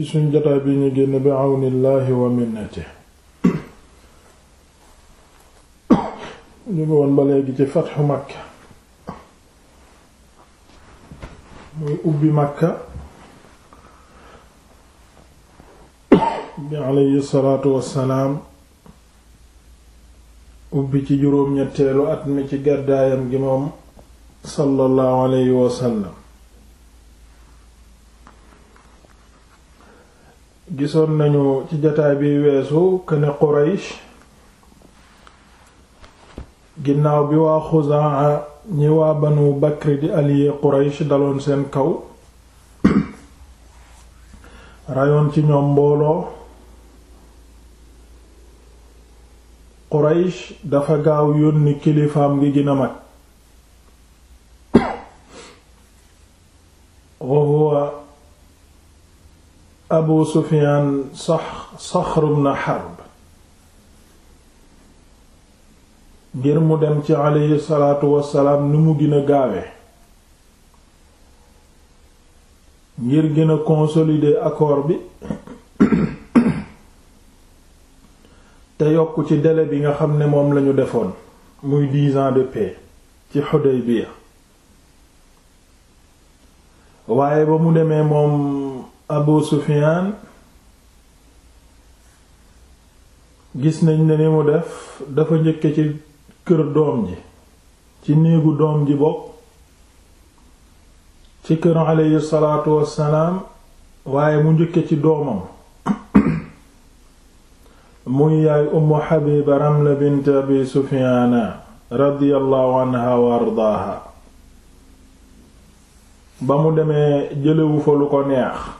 ci suñ jotaay bi ñu génn bi àwnillaahi wa minnati ñu ngi woon ba léegi ci fatxu makka muy ubbi makka bi aleyhi salaatu wassalaam ubbi ci juróom ñetteelu at mi ci gàddaayam gi moom sallallahu alayhi wa sallam gisoon nañu ci jataay bi weesu que Quraysh ginnaaw bi waa Xuzaa ñi waa Banu Bakr di allié Quraysh daloon seen kaw rayoon ci ñoom mbooloo Quraysh dafa gaaw yónni kilifaam gi gën mag abu sufiyaan saxr ibn harb ngir mu dem ci aleyhi salaatu wassalaam ni mu gën a gaawe ngir gën a consolider accord bi te yokk ci dele bi nga xam ne moom lañu defoon muy dix ans de paix ci Hudaybiya waaye ba mu demee moom Abu Sufyaan gis nañ ne ni mu def dafa njëkke ci kër doom ji ci néegu doom ji bopp ci kër aleyhi salaatu wassalaam waaye mu njëkke ci doomam muy yaay Ummu Habiba Ramla bint Abi Sufyaana radiyallahu anha wa ardaaha ba mu demee jëlewu fa lu ko neex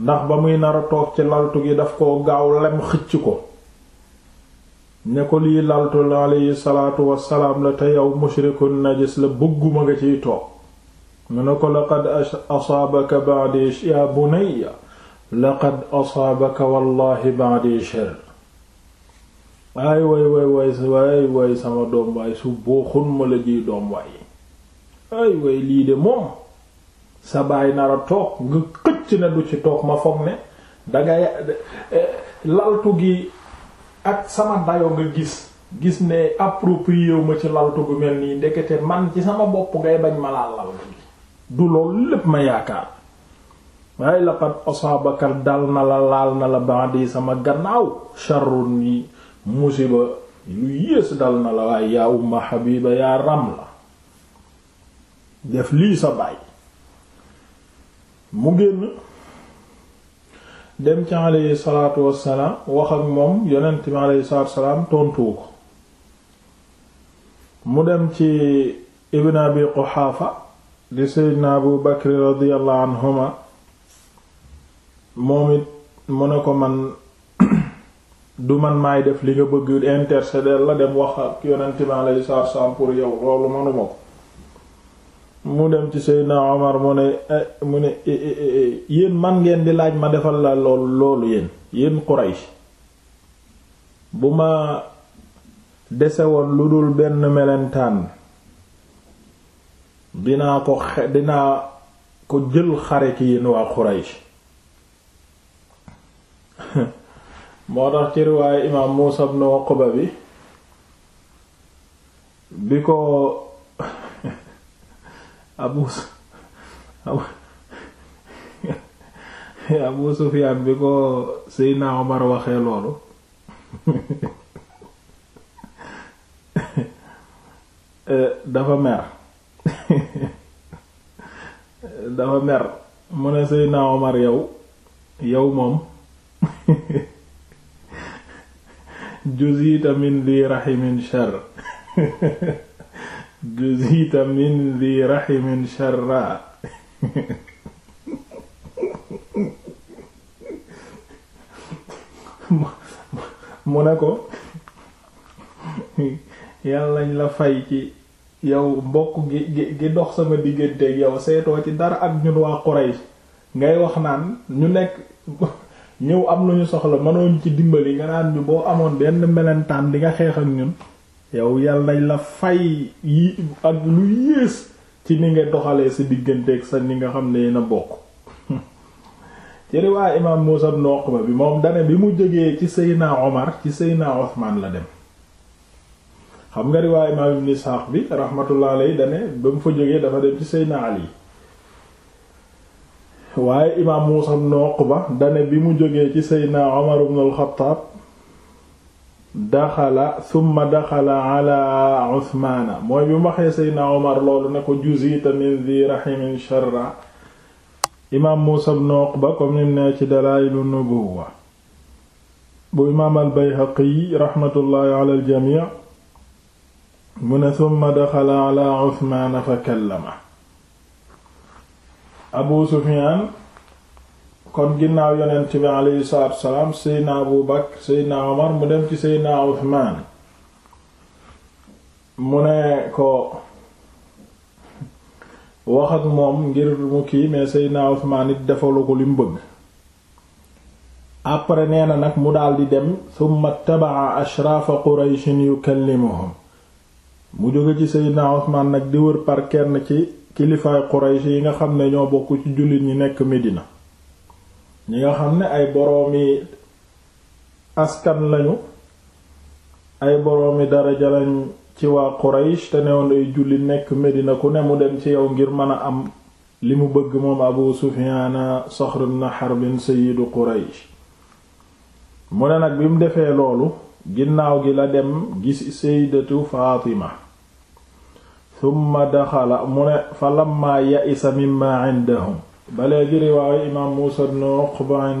ndax ba muy nar a toog ci laltu gi daf ko gaaw lem xëcc ko ne ko lii laltu la aleyhi salaatu wassalaam la te yow mushrikun najis la bëgguma nga ciy toog mu ne ko laqad asaabaka asaabaka wallahi ba'di sharr way way way way sama doom waay su boo xun ma la jiy doom waay ay way lii de moom sa baay nar toog nga xëcc na du ci toog ma foog ne dangay eh, laltu gi ak sama dayo nga gis gis ne approprié ma ci laltu gu mel nii ndekete man ci sama bopp ngay bañ ma laa laltu gi du loolu lépp ma yaakaar waaye laqad asaabaka dal na la laal na la baa ba'di sama gannaaw sharrun yi musiba lu yées dal na la waaye yaa umma habiba yaa ram la def lii sa baay mu génn dem ci aleyhi salaatu wassalaam wax ak moom yonent bi aleyhi salaatu wassalaam tontuwu ko mu dem ci ibn abi quxaafa di seydna abu bakri radiallahu anhuma moom it mu ne ko man du man maay def li nga bëgg intercéder la dem wax ak yonent bi aleyhi salaatu pour yow loolu manuma ko mu dem ci Seydina Omar mu ne eh, mu ne eh, eh, yéen man ngeen di laaj ma defal la loolu loolu yéen yéen bu ma desewoon lu dul benn melentaan dinaa ko xe dinaa ko jël xare ci yéen waa Quraysh moo tax ci riwaaye imaam Muusa ibn Uqba bi bi ko abu abu Sufyaan bi ko Seydina Omar waxee loolu eh, dafa mer dafa mer mu ne Seydina Omar yow yow moom juzita min li rahimin shar juzita min di raximin sharra mu ne ko yàlla lañ la fay ci yow mbokk gi gi dox sama digganteeg yow seetoo ci dara ak ñun waa Quraysh ngay wax naan ñu nekk ñëw am lu ñu soxla mënoon ci dimbali nga naan ñu boo amoon benn mellentaan di nga xeex ak ñun yow yàlla la fay yi ak lu yées ci ni nga doxalee sa digganteeg sa ni nga xam ne yéena bokk ci riwaay imaam Muusaa ibn Uqba bi moom dane bi mu jógee ci Seydina Omar ci Seydina Usmaan la dem xam nga riwaay imaam Ibn Isxaaq bi rahmatullahi alayhi dane ba mu jógee dafa dem ci Seydina Ali waaye imaam Muusaa ibn Uqba dane bi mu jógee ci Seydina Omar daxala summa daxala ala usmaana mooy bi mu waxee seydna omar loolu ne ko juzita min di rahimin sharra imaam muusa ibn uqba comme nim nee ci dalaa'ilu nubuwwa bu imaam al bayhaqi raxmatullaahi ala al jamii mu ne summa daxala ala usmaana fa kallama abu sufyaan kon ginnaaw yonent bi aleyhi salaatu wasalaam seydna abu bakr seydna omar mu dem ci seydna uthman mu ne ko wax ak moom ngir mu kii mais seydna it defalu ko li bëgg après nee nag mu daldi dem thumma tabaa ashraafa qurayshin yukallimuhum mu jóge ci seydna uthman nag di wër par kenn ci kilifaay quraysh yi nga xam ne ñoo bokk ci jullit ñi nekk Medina ñi nga xam ne ay boroomi askan lañu ay boroomi daraja lañ ci waa Quraysh te newoon ay julli nekk Medina ku ne mu dem ci yow ngir mën a am li mu bëgg moom Abu Sufyaana Saxr ibn Harb sayyidu Quraysh mu ne nag bi mu defee loolu ginnaaw gi la dem gis sayyidatu Faatima thumma daxala mu ne fa lamma ya'isa mimma indahum ba léegi riwaayu imaam Muusa ibn Uqba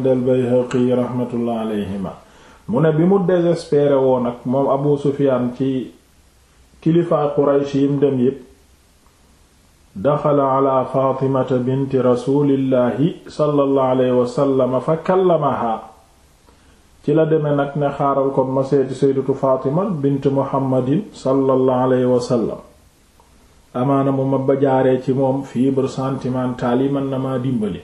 mu ne bi mu désespéré woon ak moom Abu Sufyaan ci kilifaay Quraysh yim dem yépp daxala ala Faatimata binti rasuulillaahi sallallahu alayhi wa sallam fa ci la demee nag ne xaaral kon ma seeti sayyidatu Faatima bint Muhammadin sallallahu alayhi amaana mu ma ba jaaree ci moom fibre sentimentale yi mën na maa dimbali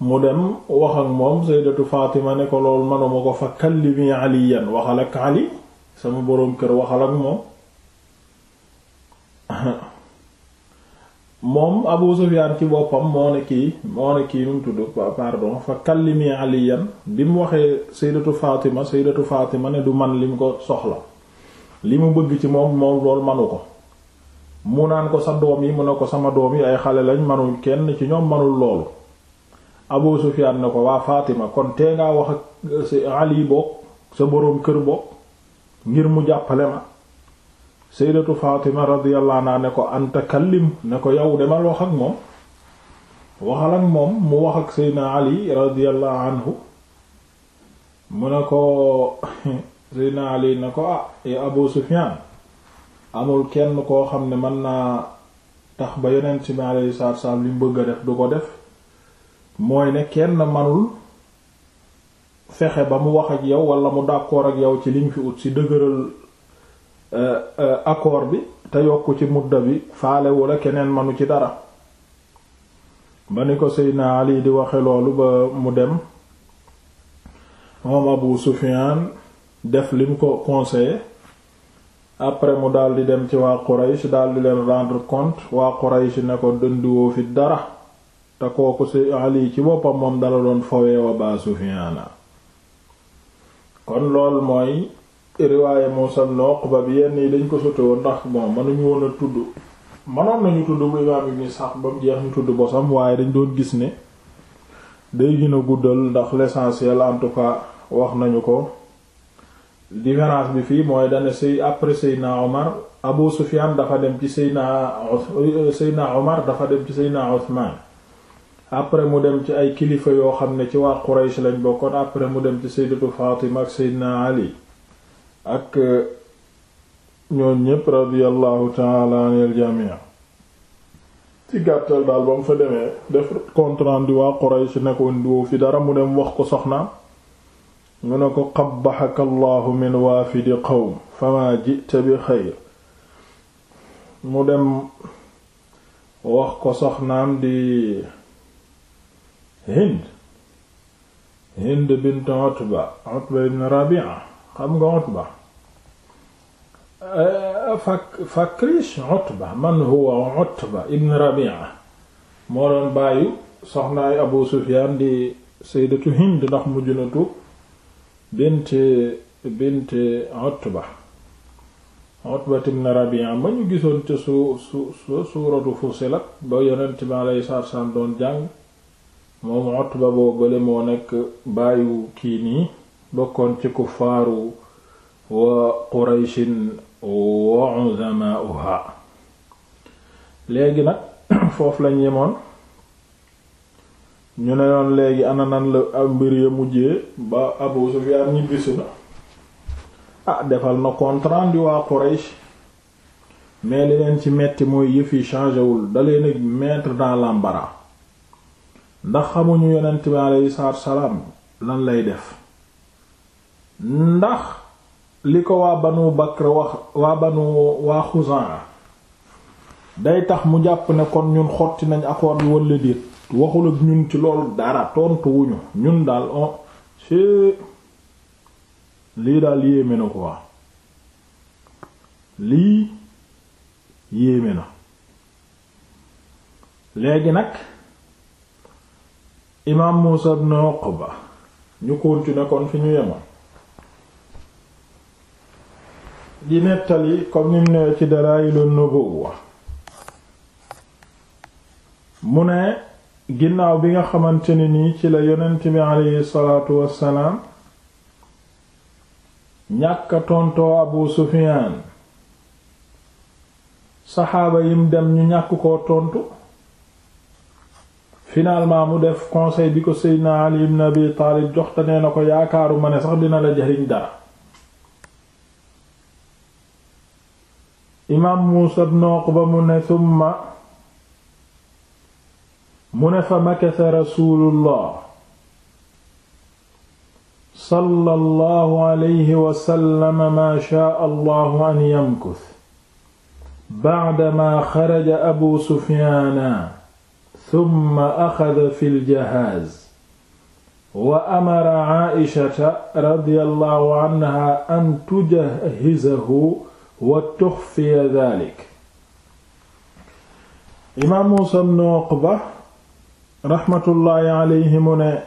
mu dem wax ak moom sayyidatu Fatima ne ko loolu manuma ko fa kallimi Aliyan waxal ak Ali sama boroom kër waxal ak moom moom Abu Sufyaan ci boppam moo ne kii moo ne kii nu mu tudd pardon fa kallimi Aliyan bi mu waxee sayyidatu Fatima sayyidatu Fatima ne du man li mu ko soxla li mu bëgg ci moom moom loolu manu ko mu naan ko sa doom yi mu na ko sama doom yi ay xale lañ manul kenn ci ñoom manul loolu Abu Sufyaan ne ko waa Fatima kon tee ngaa wax ak euh, Ali bokk sa boroom kër bokk ngir mu jàppale ma sayyidatu Fatima radiyallahu anha ne ko anta kallim ne ko yow demal wax ak moom waxal ak moom mu wax ak Seydina Ali radiyallahu anhu mu ne ko Seydina Ali ne ko ah ya Abu Sufyaan amul kenn koo xam ne mën naa tax ba yonent bi alayhi salaatu salaam li mu bëgg a def du ko def mooy ne kenn manul fexe ba mu wax ak yow walla mu d'accord ak yow ci liñ fi ut si dëgëral euh, euh, accord bi te yokk ci mudda bi faale wala keneen manu ci dara ba ni ko sey Seydina Ali di waxe loolu ba mu dem moom Abu Sufyaan def lim ko conseillé après mu daal di dem ci waa Quraysh daal di leen rendre compte waa Quraysh ne ko dënduwoo fi dara te kooku ci Ali ci boppam moom dala doon fowee wa Baa Sufyaana kon lool mooy riwaaye Muusaa ibn Uqba bi yenn yi dañ ko sotewoon ndax bon mënuñu woon a tudd mënoon nañu tudd bu imaam Ibn Sa'd ba mu jeex ñu tudd bosam waaye dañ doon gis ni day gën a guddal ndax l'essentiel en tout cas wax nañu ko différence bi fii mooy dane say après Seydina Omar Abu Sufyan dafa dem ci euh, Seydina Omar dafa dem ci Seydina Othman après mu dem ci ay kilifa yoo xam ne ci waa Quraysh lañ bokkoon après mu dem ci Sayyidatu Fatima ak Seydina Ali ak euh, ñoon ñépp radiyallahu ta'ala anil jami' ci gàttal daal fa demee def compte rendu waa Quraysh nekkoon diwoo fi dara mu dem wax ko soxna mu ne ko qabbaxaka allahu min waafidi qawm fama jita bi xeyr mu dem wax ko soxnaam di hind hind bint utba utba ibn rabia xam nga utba eh, fak fakrish utba man huwa utba ibn rabia moo doon bàyyu soxnaay abu sufyaan di saydatu hind ndax mujj na bint bint Utba Utba ibn Rabi'a ma ñu gisoon ca su su suuratu Fussilat ba yonent bi lay salaatu salaam doon jàng moom Utba boobale moo nekk baayu kii nii bokkoon ci kuffaaru wa Qurayshin wa uzamaa'uha léegi nag foofu la yemoon ñu ne yoon léegi ananan la ak mbir ya mujjee ba Abu Sufyaan ñibbisi na ah defal na compte rendu waa Quraysh mais li leen ci metti mooy yëf yi changé wul da leen a mettre dans l'embarras ndax xamuñu yeneen bi aleyhi salaatu salaam lan lay def ndax li ko waa Banu Bakr wax waa Banu waa Xuzaa day tax mu jàpp ne kon ñun xotti nañ accord bi walla déet waxul ak ñun ci loolu dara tontuwuñu ñun daal on oh, c'est lii daal yéeme na quoi lii yéeme na léegi nag imaam Muusa ibn Uqba ñu continuer kon fi ñu yemoon di nettali comme nim ne ci Dalaa'ilun Nubuwwa mu ne ginnaaw bi nga xamante ne nii ci la yonent bi aleyhi salaatu wassalaam ñàkka tontoo abu sufiyaan saxaaba yim dem ñu ñàkk koo tontu finalement mu def conseil bi ko seydna ali ibn abi taalib jox te nee na ko yaakaaru ma ne sax dina la jariñ dara imaam muusa ibn uqba mu ne summa mu ne fa makasa rasulullah sallallahu alayhi wasallam ma shaa allahu an yamkus ba'dama xaraja abu sufyaana thumma axada fi ljahaaz wa amara caaishata radiyallahu anha an tujahizahu wa tuxfiya daalik imaam muusaa ibn uqba raxmatullaahi alayhi mu ne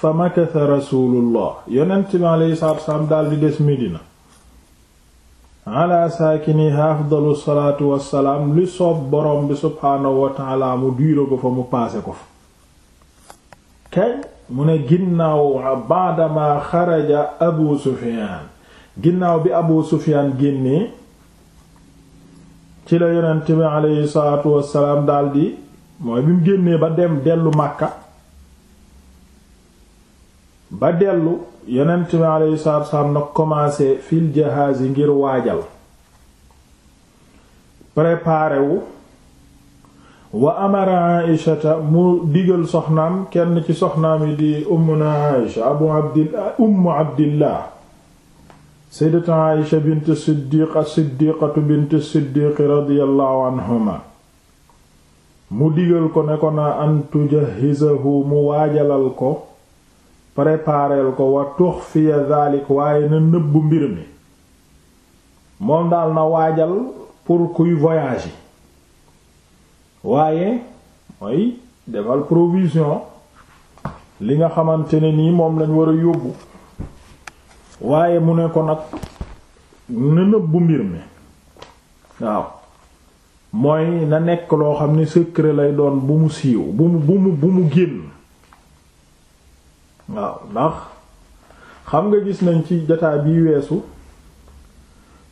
fa makasa rasulullah yonent bi alayhi salaatu afdalu salaatu wassalaam li soob borom bi subhaanahu wa mu diiro ko fa mu paase ko fa kay mu ne ginnaaw baadama xaraja abu sufiyaan ginnaaw bi abu sufiyaan génnee ci la yonent bi alayhi salaatu daldi mooy bi mu génnee ba dem dellu Makka ba dellu yonent bi alayhi salaatu wassalaam nag commencé fil jahaaz yi ngir waajal préparé wu wa amara aïshata mu digal soxnaam kenn ci soxnaam yi di ummuna aïsha abu abdillah ummu abdillah sayyidatu aïsha bint siddiq as-siddiqatu bint siddiq radiyallahu anhuma mu digal ko ne ko na an mu waajalal ko prépareel ko wa tuxfiya daalik waaye na nëbb mbir mi moom daal na waajal pour kuy voyage waaye mooy defal provision li nga xamante ne nii moom lañ war a yóbbu waaye mu ne ko nag na nëbbu mbir mi waaw mooy na nekk loo xam ne secret lay doon bu mu siiw bu mu bu mu bu mu génn waaw ndax xam nga gis nañ ci jotaay bi weesu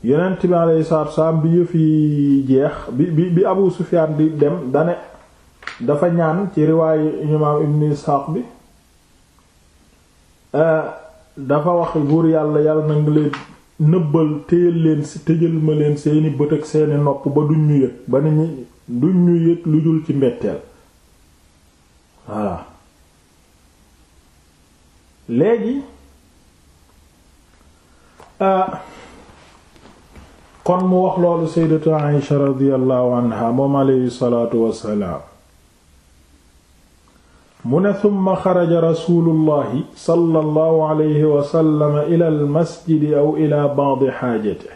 yonent bi alayhi salaatu salaam bi yëf yi jeex bi bi bi Abu di dem dane dafa ñaan ci riwaayu imaam Ibn Isxaaq bi eh, dafa wax buur yàlla yàlla na leen nëbbal téyel leen si ma leen seeni bët ak seeni nopp ba duñ ñu yëg ba nañu duñ ñu yëg lu dul ci mbetteel voilà léegi euh, kon mu wax loolu sayyidatu Aisha radiyallahu anha moom alayhi salaatu wassalaam mu ne summa xaraja rasulullahi sallallahu alayhi wa sallam ila al aw ila ba'di xaajate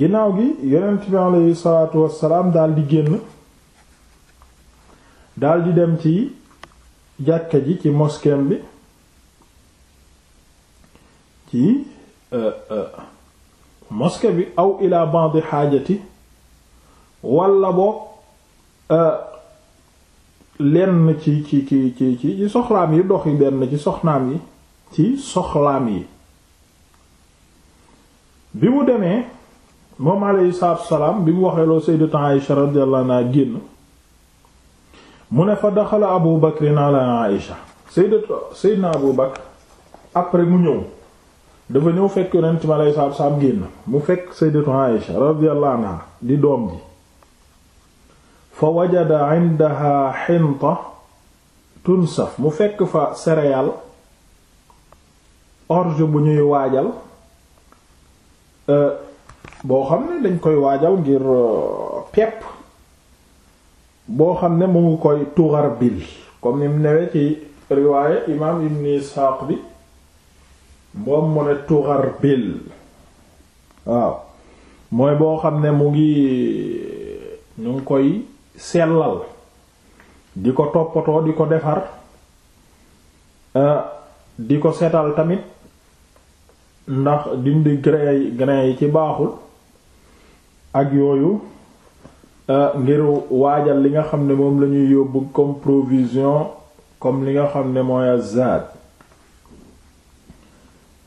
ginnaaw gi yonent bi aleyhi salaatu wassalaam daldi génn daldi dem ci jàkka ji ci moskeem bi ci euh, euh, moske bi aw ila ba'di xaajati walla boo euh, lenn ci ci ci ci ci soxlaam yi dox yi benn ci soxnaam yi ci soxlaam yi bi mu demee moom alayhi salaatu salaam bi mu waxee loo sayyidatu Aïsha radiyallahu anha génn mu ne fa daxala Abu Bakr ala Aïsha sayyidatu sayyidna Abu Bakr après mu ñëw dafa ñëw fekk yonent mi alayhi salaatu salaam génn mu fekk sayyidatu Aïsha radiyallahu anha di doom ji fa wajada indaha xinta tunsaf mu fekk fa céréale orge bu ñuy waajal euh, boo xam ne dañ koy waajal ngir euh, pepp boo xam ne mu ngi koy tuxar bil comme ni mu newee ci riwaaye imaam ibn Isxaaq bi moom mu ne tuxar bil waaw mooy boo xam ne mu ngi ñu ngi koy sellal di ko toppatoo di ko defar eh, di ko setal tamit ndax dindi grain grain yi ci baaxul ak yooyu eh, ngir waajal li nga xam ne moom lañuy yóbbu comme provision comme li nga xam ne mooy azad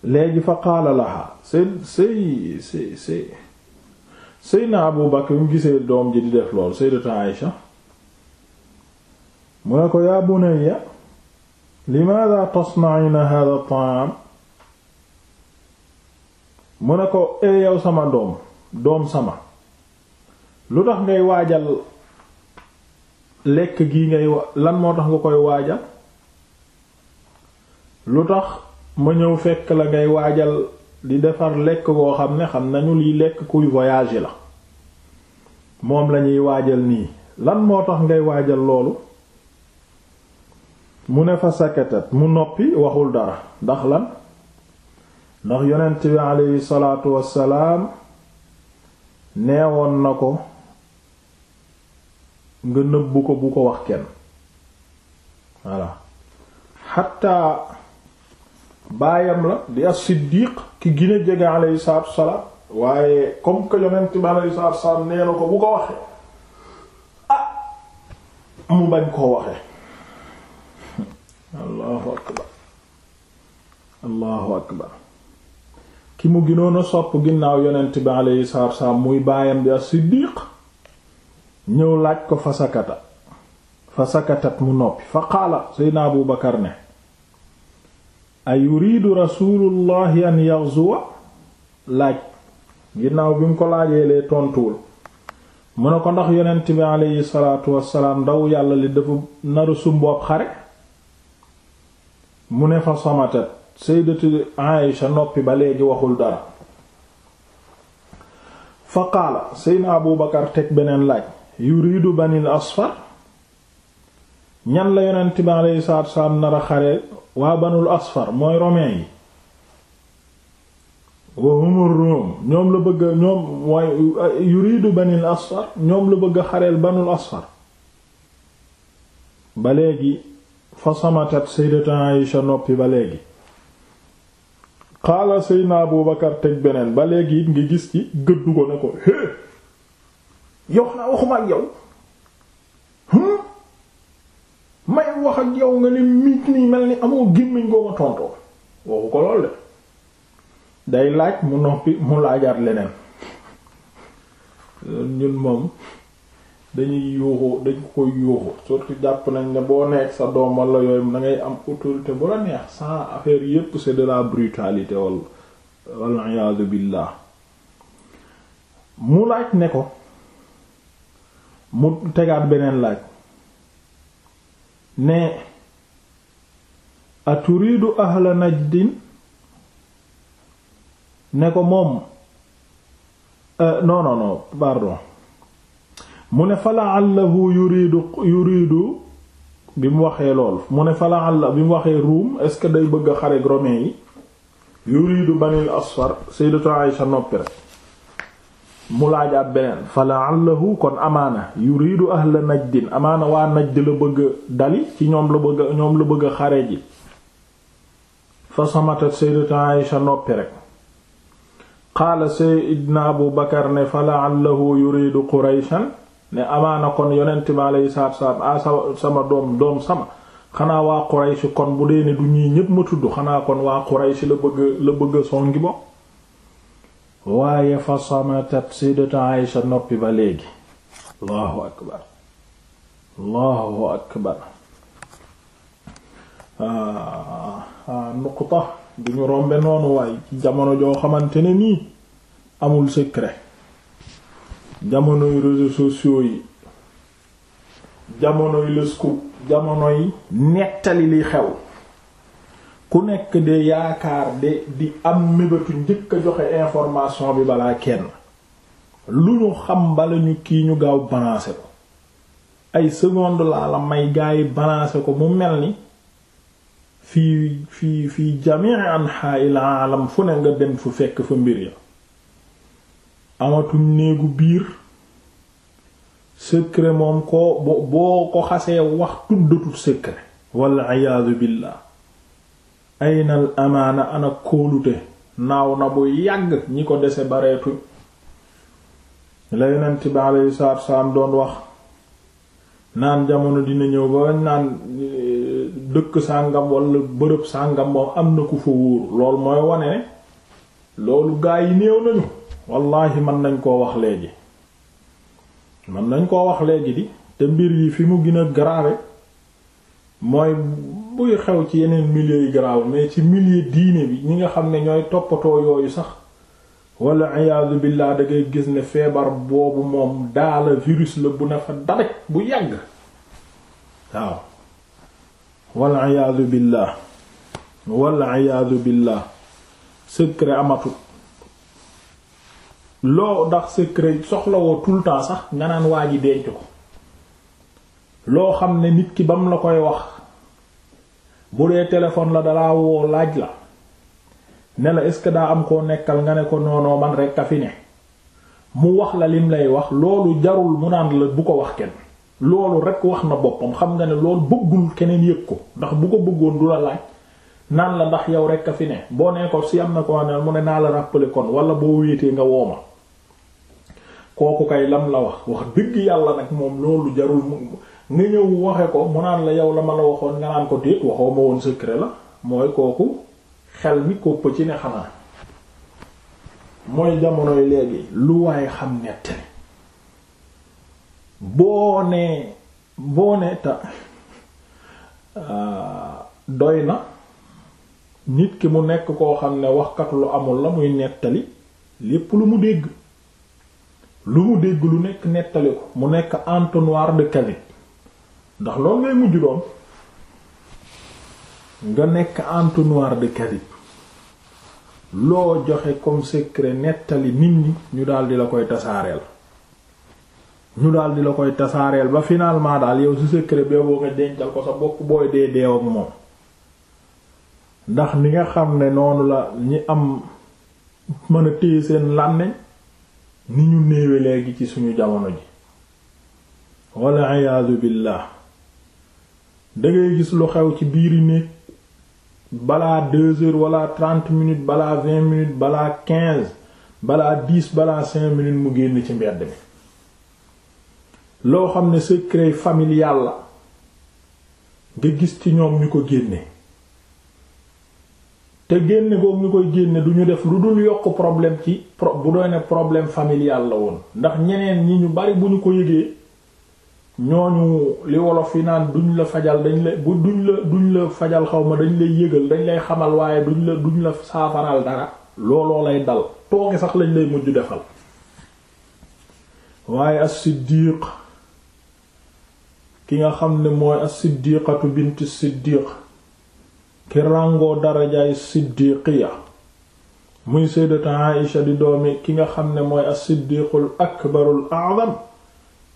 léegi fa qaala laha sëy sëy sëy Seydina Abu Bakr mu gisee doom ji di def lool Sayyidatu Aïsha mu ne ko yaa bunayya limaada tasna'ina haadha at-ta'aam mu ne ko ee eh, yow sama doom doom sama lu tax ngay waajal lekk gi ngay lan moo tax nga koy waajal lu tax ma ñëw fekk la ngay waajal di defar lekk koo xam ne xam nañu liy lekk kuy voyager la moom lañuy waajal nii lan moo tax ngay waajal loolu mu ne fa sakatat mu noppi waxul dara ndax lan ndax yonent bi aleyhi salaatu wassalaam neewoon na ko nga nëbbu ko bu ko wax kenn voilà xatta baayam la di as-Siddiq ki gën a jege alayhi salaatu wassalaam waaye comme que yonent bi alayhi salaatu nee na ko bu ko waxe ah mu bañ koo waxe allahu akbar allahu akbar ki mu ginoon sopp ginnaaw yonent bi alayhi salaatu wassalaam muy baayam di as-Siddiq ñëw laaj ko fa sakata mu noppi fa qaala Seydina Abu Bakar ne ay yuridu rasulullahi an yaxzuwa laaj ginnaaw bi mu ko laajee lee tontuwul mu ne ko ndax yonent bi aleyhi salaatu wassalaam ndaw yàlla li dafa naru sumboob xare mu ne fa samatat sayyidatu Aïsha noppi ba léegi waxul dara fa qaala seydna abu bakar teg beneen laaj yuridu banil asfar ñan la yonent bi aleyhi salaatu nara xare waa banul asfar mooy romain yi wa humur rum ñoom la bëgg ñoom mooy yuridu banil asfar ñoom la bëgg xareel banul asfar ba léegi fa samatat sayyidatu Aïsha noppi ba léegi xaala seydna bu bakar teg beneen ba léegi it ngi gis ci gëddu ko ne ko hé yow naa waxuma yow hmm? may wax ak yow nga ne miit nii mel ni amoo gémmiñ goo ma tontoo waxu ko lool de day laaj mu noppi mu laajaat leneen euh, ñun moom dañuy yuuxu dañ ko koy yuuxu surtout jàpp nañ ne boo nekk sa doom wala yooyu da ngay am autorité bu la neex sans affaire yépp c'est de la brutalité wala wal iyaadu billah mu laaj ne ko mu tegaat beneen laaj ne aturidu ahla najdin ne ko moom euh, non non non pardon mu ne fa la'allahu yuridu yuridu bi mu waxee lool mu ne fa la'alla bi mu waxee ruum est-ce que day bëgg a xare ak romain yi yuridu banil asfar sayyidatu Aïsha noppi rek mu laajaat beneen fa la'allahu kon amaana yuridu ahla najdin amaana waa najd la bëgg dali ci ñoom la bëgg ñoom la bëgg a xare ji fa samatat sayyidatu Aïsha noppi rek qaala sayyidna Abu Bakar ne fa la'allahu yuridu Qurayshan ne amaana kon yonent bi alayhi salaatu salaam ah sama doom doom sama xanaa waa Quraysh kon bu dee ne du ñii ñépp ma tudd xanaa kon waa Quraysh la bëgg la bëgg a songi waaye fa samatat sayyidata Aysha noppi ba léegi allahu akbar allahu akbar ah, ah, nuqta duñu rombe noonu waay ci jamono joo xamante ne nii amul secret jamonoy réseaux sociaux yi jamonoy le jamonoy nettali li xew ku nekk de yaakaar de di am mébétu njëkk a joxe information bi balaa kenn lu ñu xam bala kii ñu gaaw balancer ko ay seconde laa la may gaa yi ko mu mel ni fii fii fii jamii anhaa'il aalam fu ne nga dem fu fekk fa mbir yi amatul néegu biir secret moom ko boo ko xasee wax tuddatul secret wal iyaadu billah aynal amaana ana kóolute naaw na bu yàgg ñi ko dese bareetu la yonent bi alayhi salaatu wassalaam doon wax naan jamono dina ñëw ba naan eh, dëkk sàngam wala bërëb sàngam moom am na ku fa wóoru loolu mooy wane loolu gaa yi néew nañu wallaahi mën nañ koo wax léegi mën nañ koo wax léegi di te mbir yi fi mu gën a mooy buy xew ci yeneen milieu yi garaaw mais ci milieu diine bi ñi nga xam ne ñooy toppatoo yooyu sax walla iyaadu billah da gis ne feebar boobu moom daala virus la bu na fa daraj bu yàgg waaw wala iyaadu billah wala iyaadu billah secret amatul loo ndax secret soxlawoo tout le temps sax nga naan waa ji denc ko loo xam ne nit ki bam la koy wax bu dee téléphone la dalaa woo laaj la ne la ce que daa am koo nekkal nga ne ko noonoo man rek a fi ne mu wax la lim lay wax loolu jarul mu naan la bu ko wax kenn loolu rek wax na boppam xam nga ne loolu bëggul keneen yëg ko ndax bu ko bëggoon du la laaj naan la ndax yow rek a fi ne boo nee si am na ko ne mu ne naa la rappeler kon wala boo wéetee nga wooma kooku kay lam la wax wax dëgg yàlla nag moom loolu jarul nga ñëw waxe ko mu naan la yow la ma la waxoon nga naan ko déet waxoo ma woon secret la mooy kooku xel mi kopp ci ne xanaa mooy jamonoy léegi lu waaye xam nettali boo nee boo ne ta euh, doy na nit ki mu nekk koo xam ne waxkat lu amul la muy nettali lépp lu mu dégg lu mu dégg lu nekk nettali ko mu nekk entonnoir de Calais ndax loolu ngay mujj doon nga nekk entonnoir de kadib loo joxe comme secret nettali nit ñi ñu daal di la koy tasaareel ñu daal di la koy tasaareel ba finalement daal yow si secret bee boo nga dencal ko sa bokk booy dee deew ak moom ndax ni nga xam ne noonu la ñi am mën a téye seen làmmiñ ni ñu néewe léegi ci suñu jamono ji walla iyaadu billah dangay gis lu xew ci biiri néeg balaa deux heures wala trente minutes balaa vingt minutes balaa quinze balaa dix balaa cinq minutes mu génn ci mbedd mi loo xam ne secret familial la nga gis ci ñoom ñu ko génne te génne boobu ñu koy génne du ñu def lu dul yokk problème ci bu doon ne problème familial la woon ndax ñeneen ñi ñu bari bu ñu ko yëgee ñooñu li wolof yi naan duñ la fajal dañ la bu duñ la duñ la fajal xawma dañ lay yëgal dañ lay xamal waaye duñ la duñ la saafaral dara looloo lay dal tooge sax lañ lay mujj defal waaye as ki nga xam ne mooy as-siddiqatu bint siddiq ki ràngoo darajaay siddiqiya muy sayyidatu Aisha di doomi ki nga xam ne mooy as-siddiqul akbarul a'zam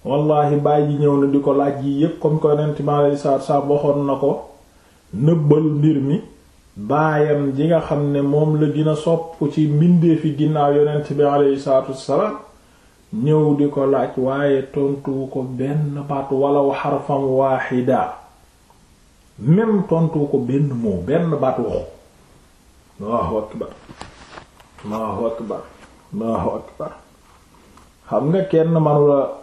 wallahi bàyyi ñëw na di ko laaj yi yépp comme ko nent ma lay saar saa waxoon na ko nëbbal mbir mi baayam ji nga xam ne moom la gën a sopp ci mbindeefi ginnaaw yonent bi alayhi salaatu wassalaam ñëw di ko laaj waaye tontuwu ko benn baat walaw xarfan waaxida même tontuwu ko benn moo benn baat waxu Allahu akbar Allahu akbar xam nga kenn manula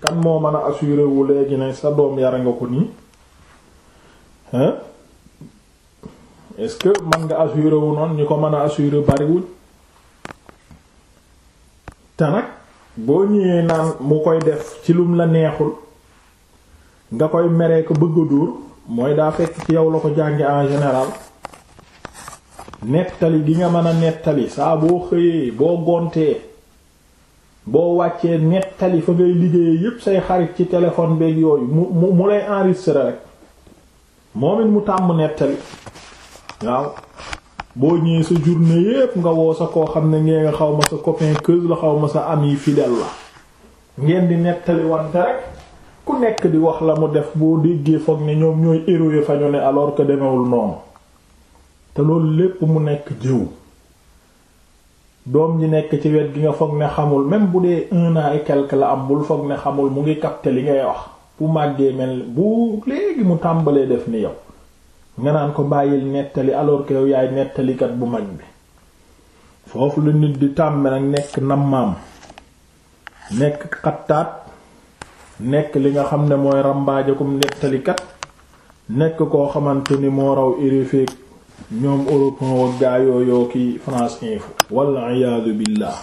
kan moo mën a assuré wu léegi ne sa doom yara nga ko nii hein est-ce mën nga assuré wu noonu ñu ko mën a assuré bariwuñ te nag boo ñëwee naan mu koy def ci lum la neexul nga koy meree ko bëgg a mooy daa fekk ci yow la ko jàngi en général nettali gi nga mën a nettali saa boo xëyee boo gontee boo wàccee nettali fa ngay liggéeyee yépp say xarit ci téléphone beeg yooyu mu mu mu lay enregistré rek moom mu tàmm nettali waaw boo ñëwee sa journée yépp nga woo sa koo xam ne ngee xaw ma sa copain keuse la xaw ma sa ami fidèle la ngeen di nettali wante rek ku nekk di wax la mu def boo déggee foog ne ñoom ñooy héros fa ñu ne alors que demewul noonu te loolu lépp mu nekk jiw doom ji nekk ci wet gi nga foog ne xamul même bu dee un an et la am bul foog ne xamul mu ngi capter li ngay wax bu màggee mel bu léegi mu tàmbalee def ni yow nga naan ko bàyyil nettali alors que yow yaay nettalikat bu mag bi foofu la nit di tàmbe nag nekk nammaam nekk xattaat nekk li nga xam ne mooy rambaajakum nettalikat nekk koo xamante ni moo raw érifeek ñoom européen wa gaayoo yoo ki France Info walla iyaadu billah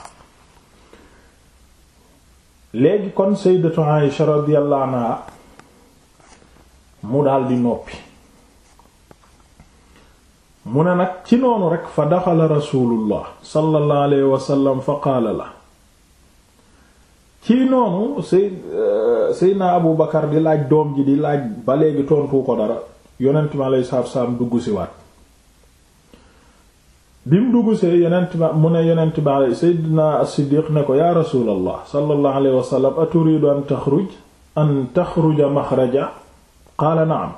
léegi kon sayyidatu Aisha radiyallahu anha mu daldi noppi mu ne nag ci noonu rekk fa daxala rasulullah sallallahu alayhi wa sallam fa qaala la ci noonu say euh, Seydina Abu Bakar di laaj doom ji di laaj ba léegi tontu ko dara yonent mi alayhi salaam dugg si waat bi mu dugg see yonent ba mu ne yonent ba Seydina na siddiq ne ko yaa rasuulallah sallallahu alayhi a sallam aturiidu an taxruj an taxruja maxraja qaala na'am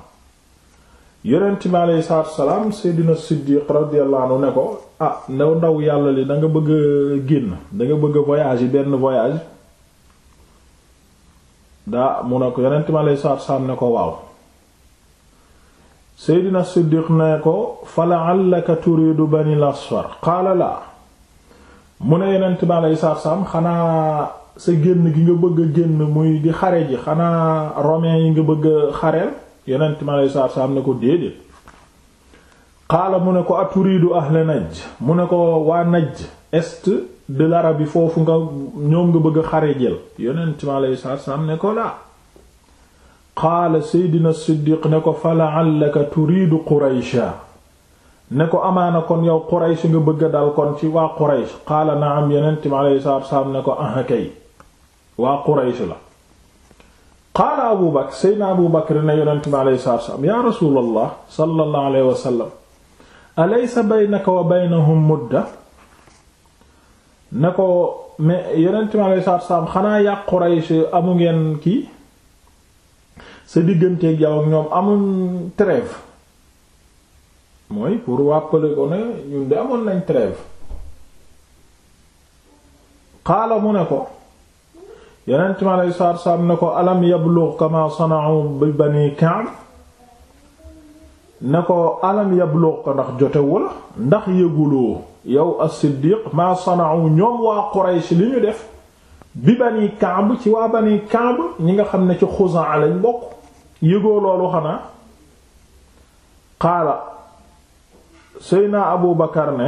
yonent bi aleyhi salaatu wasalaam Seydina Siddiq radiyallahu anhu ne ko ah ndaw ndaw yàlla li da bëgg a génn da bëgg a voyage benn voyage daa mu ne ko yonent bi aleyhi salaatu wasalaam ne ko waaw seydina siddiq ne ko fa la'allaka turidu banil asfar qaala laa mu ne yenent bi aleyhi salaatu xanaa sa génn gi nga bëgg génn muy di xare ji xanaa romain yi nga bëgg a xareel yenent bi aleyhi salaatu ne ko déedéet qaala mu ne ko aturidu ahla najj mu ne ko waa najj est de l'Arabie foofu nga ñoom nga bëgg a xare jël yenent bi aleyhi salaatu salaam ne ko laa qaala seydina siddiq ne ko fa la'allaka turiidu quraysha ne ko amaana kon yow quraysh nga bëgg a dal kon ci waa quraysh qaala na'am yonent bi alayhi salaatu ne ko aha waa quraysh la qaala abu bakr seydina abu bakr ne yonent bi alayhi yaa rasuulallah sallallahu alayhi alaysa baynaka wa baynahum mudda ne ko mais yonent bi alayhi xanaa yaa quraysh amu ngeen kii sa digganteeg yow ñoom amoon trêve mooy pour wàppale ko ne ñun de amoon nañ trêve xaala mu ne ko yeneen mi aleyi saatu salaam ne ko alam yablugh kama sana'u bi bani Ka'b ne ko alam yablugh ko ndax jotewu la ndax yëguloo yow as-Siddiq ma sana'u ñoom waa Quraysh li ñu def bi bani Ka'b ci waa bani Ka'b ñi nga xam ne ci Xusaa lañ bokk yëgoo loolu xanaa xaala seyna abu bakar ne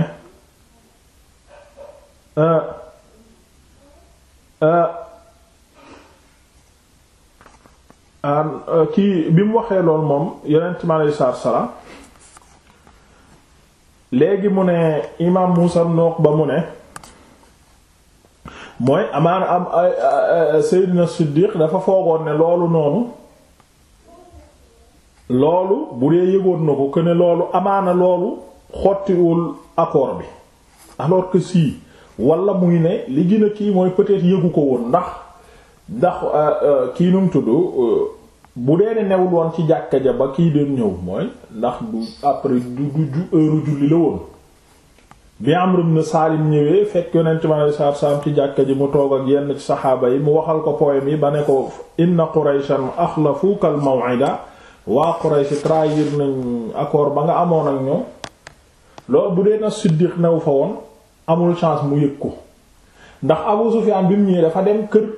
kii bi mu waxee lool moom yeneen mi aleyhi salaam léegi mu ne imaam Muusa nook ba mu ne mooy amaan am Seydina Siddiq dafa foogoon ne loolu noonu loolu bu dee yëgoon na ko que ne loolu amaana loolu xottiwul accord bi alors que si wala muy ne li gën a kii mooy peut-être yëgu ko woon ndax ndax euh, euh, kii nu mu tudd euh, bu dee ne newul woon ci jàkka ja ba kii doon ñëw mooy ndax du après du du heure julli la woon bi Amr ibn Salim ñëwee fekk yonent mi alayhi salaatu salaam ci jàkka ji mu toog ak yenn ci saxaaba yi mu waxal ko poème yi ba ne ko inna Qurayshan fuukal al maw'ida waa Quraysh trahir nañ accord ba nga amoon ak ñoom loolu bu dee na Siddiq new fa woon amul chance mu yëg ko ndax Abu Sufyaan bi mu ñëwee dafa dem kër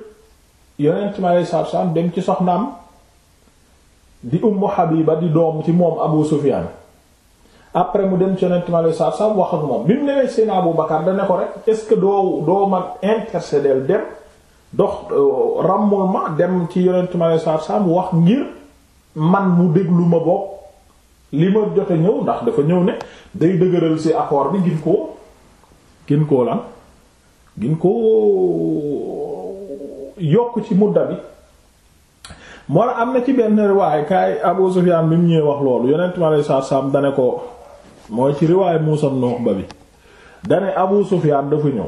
Yonent mi alayhi dem ci soxnaam di Ummu Habiba di doom ci moom Abu Sufyaan après mu dem ci Yonent mi alayhi wax ak moom bi mu newee seen Abu Bakar da ko rek est-ce que doo doo ma intercéder dem dox euh, rammul ma dem ci Yonent mi alayhi salaatu salaam wax ngir. man mu déglu ma bopp li ma jote ñëw ndax dafa ñëw ne day dëgëral ci accord bi gin koo gin koo lan gin koo yokk ci mudda bi moo la am na ci benn riwaay kaay Abu Sufyaan bi mu ñëwee wax loolu yonent mi alayhi salaatu dane ko mooy ci riwaay Muusaa ibn Uqba bi dane Abu Sufyaan dafa ñëw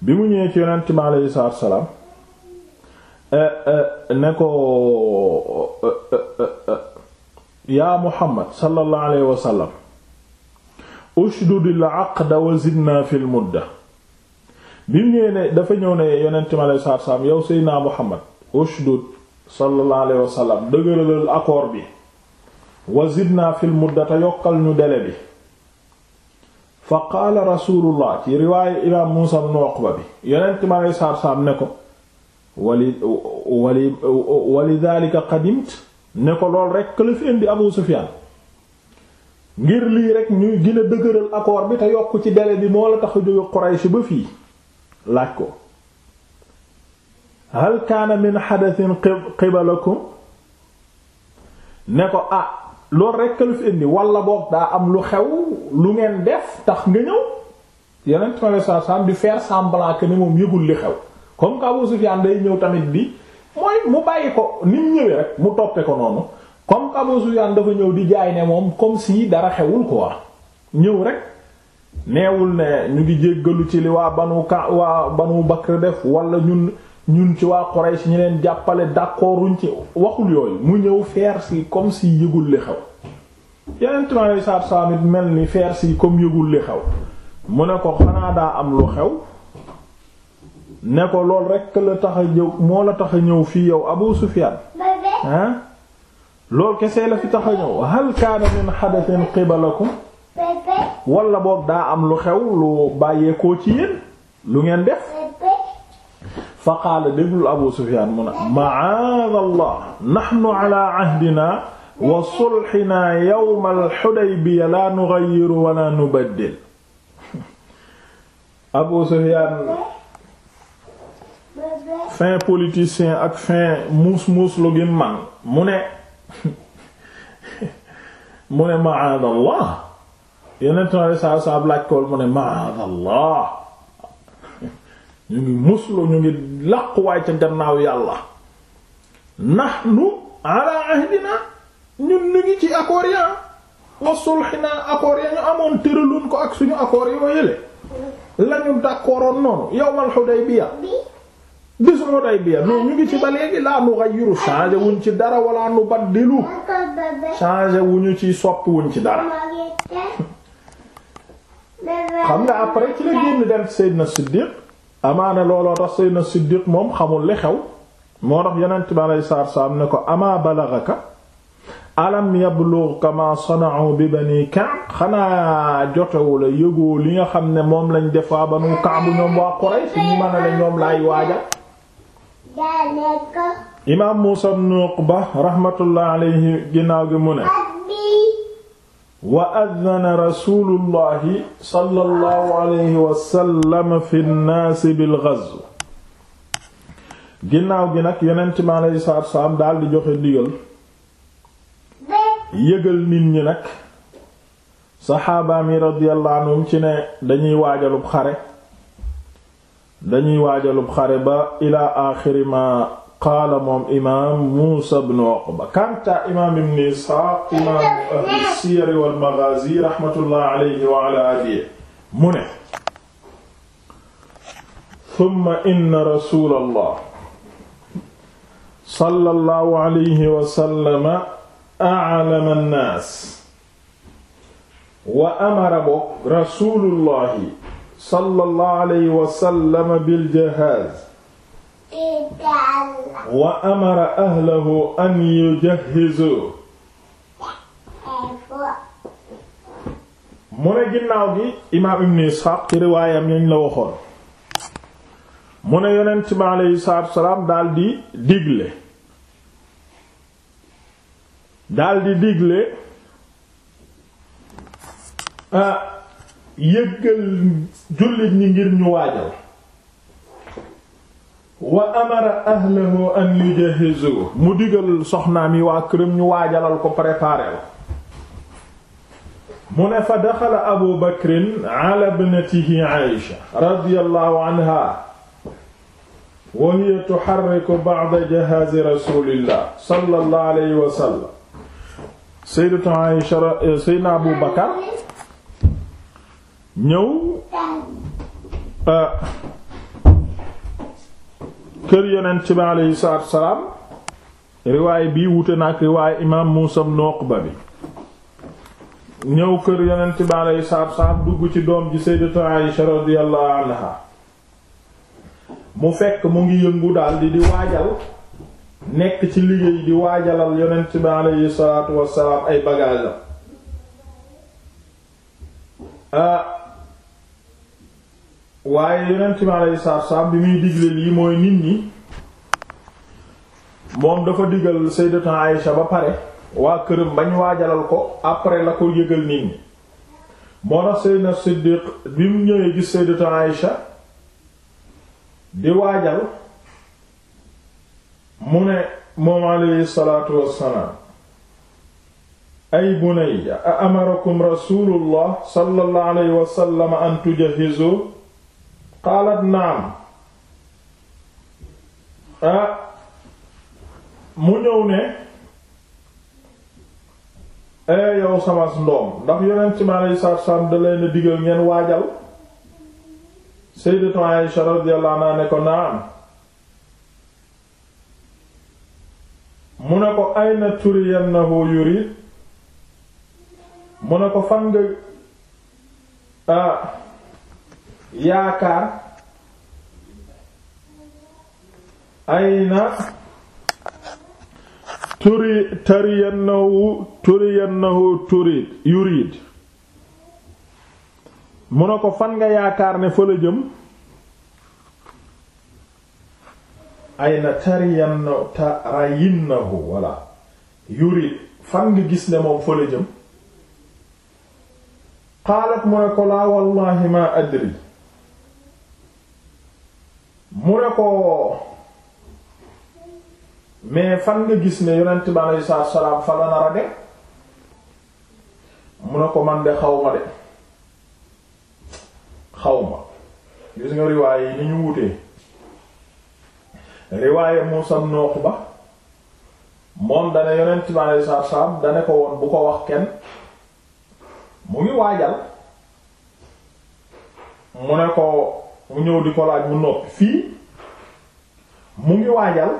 bi mu ñëwee ci yonent mi alayhi salaatu Eh, eh, ne ko eh, yaa Muhammad sallallahu alayhi wa sallam ushdudil aqda wa dafa ñëw ne yonent mi alayhi salaatu yow Seydina Muhammad ushdud sallallahu alayhi wa sallam dëgëralal bi wa zidna fil mudda te yokkal ñu délai bi fa qaala rasulullah ci riwaayu bi yonent mi alayhi salaatu ne ko wali wali wali daalika qadimt ne ko lool rek la fi indi Abu Sufyaan ngir lii rek ñuy gën a dëgëral accord bi te yokk ci délai bi moo la tax a jóge Quraysh ba fii laaj ko hal kaana min hadathin qibalakum ne ko ah loolu rekk la fi indi wala boog daa am lu xew lu ngeen def tax nga ñëw yeneen traçais am di faire semblant que ne moom yëgul li xew. comme que Abu Sufyaan day ñëw tamit bi mooy mu bàyyi ko ni mu ñëwee rek mu toppe ko noonu comme que Abu Sufyaan dafa ñëw di jaay ne moom comme si dara xewul quoi ñëw rek neewul ne ñu ngi jéggalu ci li waa banu ka waa banu Bakr def walla ñun ñun ci waa Quraysh ñi leen jàppale d'accorduñ ci waxul yooyu mu ñëw faire si comme si yëgul li xew yeneen trois saamit mel ni faire si comme yëgul li xew mu ne ko xanaa daa am lu xew ne ko lool rekk la tax a ñëw moo la tax a fii yow Abu Sufyaan ah lool kese la fi tax a ñëw hal kaana min hadathin qibalakum wala boog daa am lu xew lu bàyyeekoo ci yéen lu ngeen def fa qaala déglul Abu Sufyaan mu ne ma'aadallah nahnu ala ahdina wa sulhina yawmal Hudaybiya laa nughayyiru wa laa nubaddil Abu Sufyaan fin politicien ak fin muus muus lu gi man mu ne mu ne maadallah yeneen temps saa saa laaj kool mu ne maadallah ñu ngi muslu ñu ngi làquwaay ca gannaaw yàlla nahnu ala ahdina ñun ñu ngi ci accord ya wa sulhina accord ya ñu amoon tëraloon ko ak suñu accord yoo yële lañu d'accordoon noonu yawmal Hudaybiya bisu Hudaybiya non ñu ngi ci ba léegi laa nu ghayyiru changé wuñ ci dara wala nu baddilu changé wuñu ci soppi wuñ ci dara. xam nga après ci la génn dem Seydina Siddiq amaana looloo tax Seydina Siddiq moom xamul li xew moo tax yonent bi alayhi salaatu salaam ko ama balaghaka alam yablugh xanaa jotewu la yëgoo li nga xam ne moom lañ def waa banu Ka'b ñoom waa Quraysh ñu mën la ñoom laay waaja imaam Muusaa ibn Uqba raxmatullaahi alayhi ginnaaw gi mu ne wa adana rasuulullaahi sallallaahu alayhi wa sallam fi nnaasi bil ginnaaw gi nag yeneen mi alayhi salaatu wa daldi joxe ndigal yëgal nit ñi nag saxaabaam yi radiyallaahu ci ne dañuy waajalub xare dañuy waajalub xare ba ila axiri ma qaala moom imaam Muusa ibn Uqba kanta imaam ibn Isxaaq imaam ahli siyar wal maghaazi raxmatullahi alayhi wa ala abiihi mu ne summa inna rasuulallah sallallahu alayhi wa sallam a'lama an-naas wa amara bok rasuulullahi sallallahu alayhi wa sallam bil jahaaz wa amara ahlahu an yujahhizu mu ne ginnaaw gi imaam ibn Isxaaq ci riwaayam yañ la waxoon mu ne yonent bi aleyhi salaatu salaam daldi digle daldi digle ah, yëggal jullit ñi ngir ñu waajal wa amara ahlahu an yujahizu mu digal soxnaam yi waa këram ñu waajalal ko préparer la mu ne fa daxala abu bakrin ala ibnatihi aisha anha wa hiya tuharriku ba'da jahaazi rasulillah sallallahu alayhi wa sallam abu bakar ñëw euh, kër yonent bi aleyhi salaatu wasalaam riwaay bii wute na ak riwaay imaam Muusaa ibn Uqba bi ñëw kër yonent bi aleyhi salaatu wasalaam dugg ci doom ji sayyidatu Aisha radiyallahu anha mu fekk mu ngi yëngu daldi di waajal nekk ci liggéey di waajalal yonent bi aleyhi salaatu wasalaam ay bagages waaye yonent mi alayhi salaatu salaam bi muy digle lii mooy nit ñi moom dafa digal sayyidatuna Aïsha ba pare waa këram bañ waajalal ko après la ko yëgal nit ñi moo tax sayyidna Siddiq bi mu ñëwee gis sayyidatuna Aïsha di waajal mu ne moom alayhi salaatu wassalaam ay bunayya a amarakum rasulullah sallallahu alayhi wa qaalat naam ah mu ñëw ne ee eh, yow sama ndoom ndax yonent ci ma lay saab da leen a ngeen waajal sayyidatu Aisha radiyallahu anha ne ko naam mu ne ko ayna turiyannahu yurid mu ne ko fan nga ah yaakaar ayna turi tariyannahu turiyannahu turid yurid mu ne ko fan nga yaakaar ne fa la jëm ayna tariyannahu tarayinnahu walla yurid fan nga gis ne moom fa la jëm ko laa wallahi ma adri mu ne ko mais fan nga gis ne yonent bi aleyhi salaatu salaam fan la nar mu ne ko man de xaw ma de xaw ma gis nga riwaay yi ni ñu wutee riwaaye Muusaa ibn Uqba moom dane yonent bi aleyhi salaatu salaam dane ko woon bu ko wax kenn mu ngi waajal mu ne ko mu ñëw di ko laaj mu noppi fii mu ngi waajal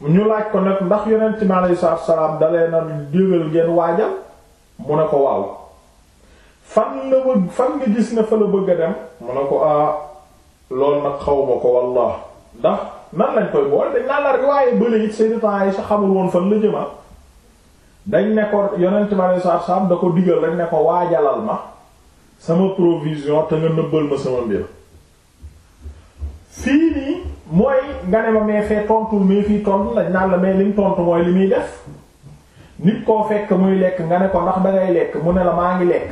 mu ñu laaj ko nag ndax yonent mi aleyhi sa salaam dalee na dégal ngeen waajal mu ne ko waaw fan la bëgg fan nga gis ne fa la bëgg a dem mu ne ko ah loolu nag xaw ma ko wallah ndax nan lañ koy boole dañ naan la riwaaye bële it Sayyidatu Aysa xamul woon fan la jëma dañ ne ko yonent mi aleyhi salaatu salaam da ko digal dañ ne ko waajalal ma sama provision te nga nëbbal ma sama mbir fii nii mooy nga ne ma mais fee tontul mais fii tontu lañ naan la mais lim tontu mooy li muy def nit koo fekk muy lekk nga ne ko ndax dangay lekk mu ne la maa ngi lekk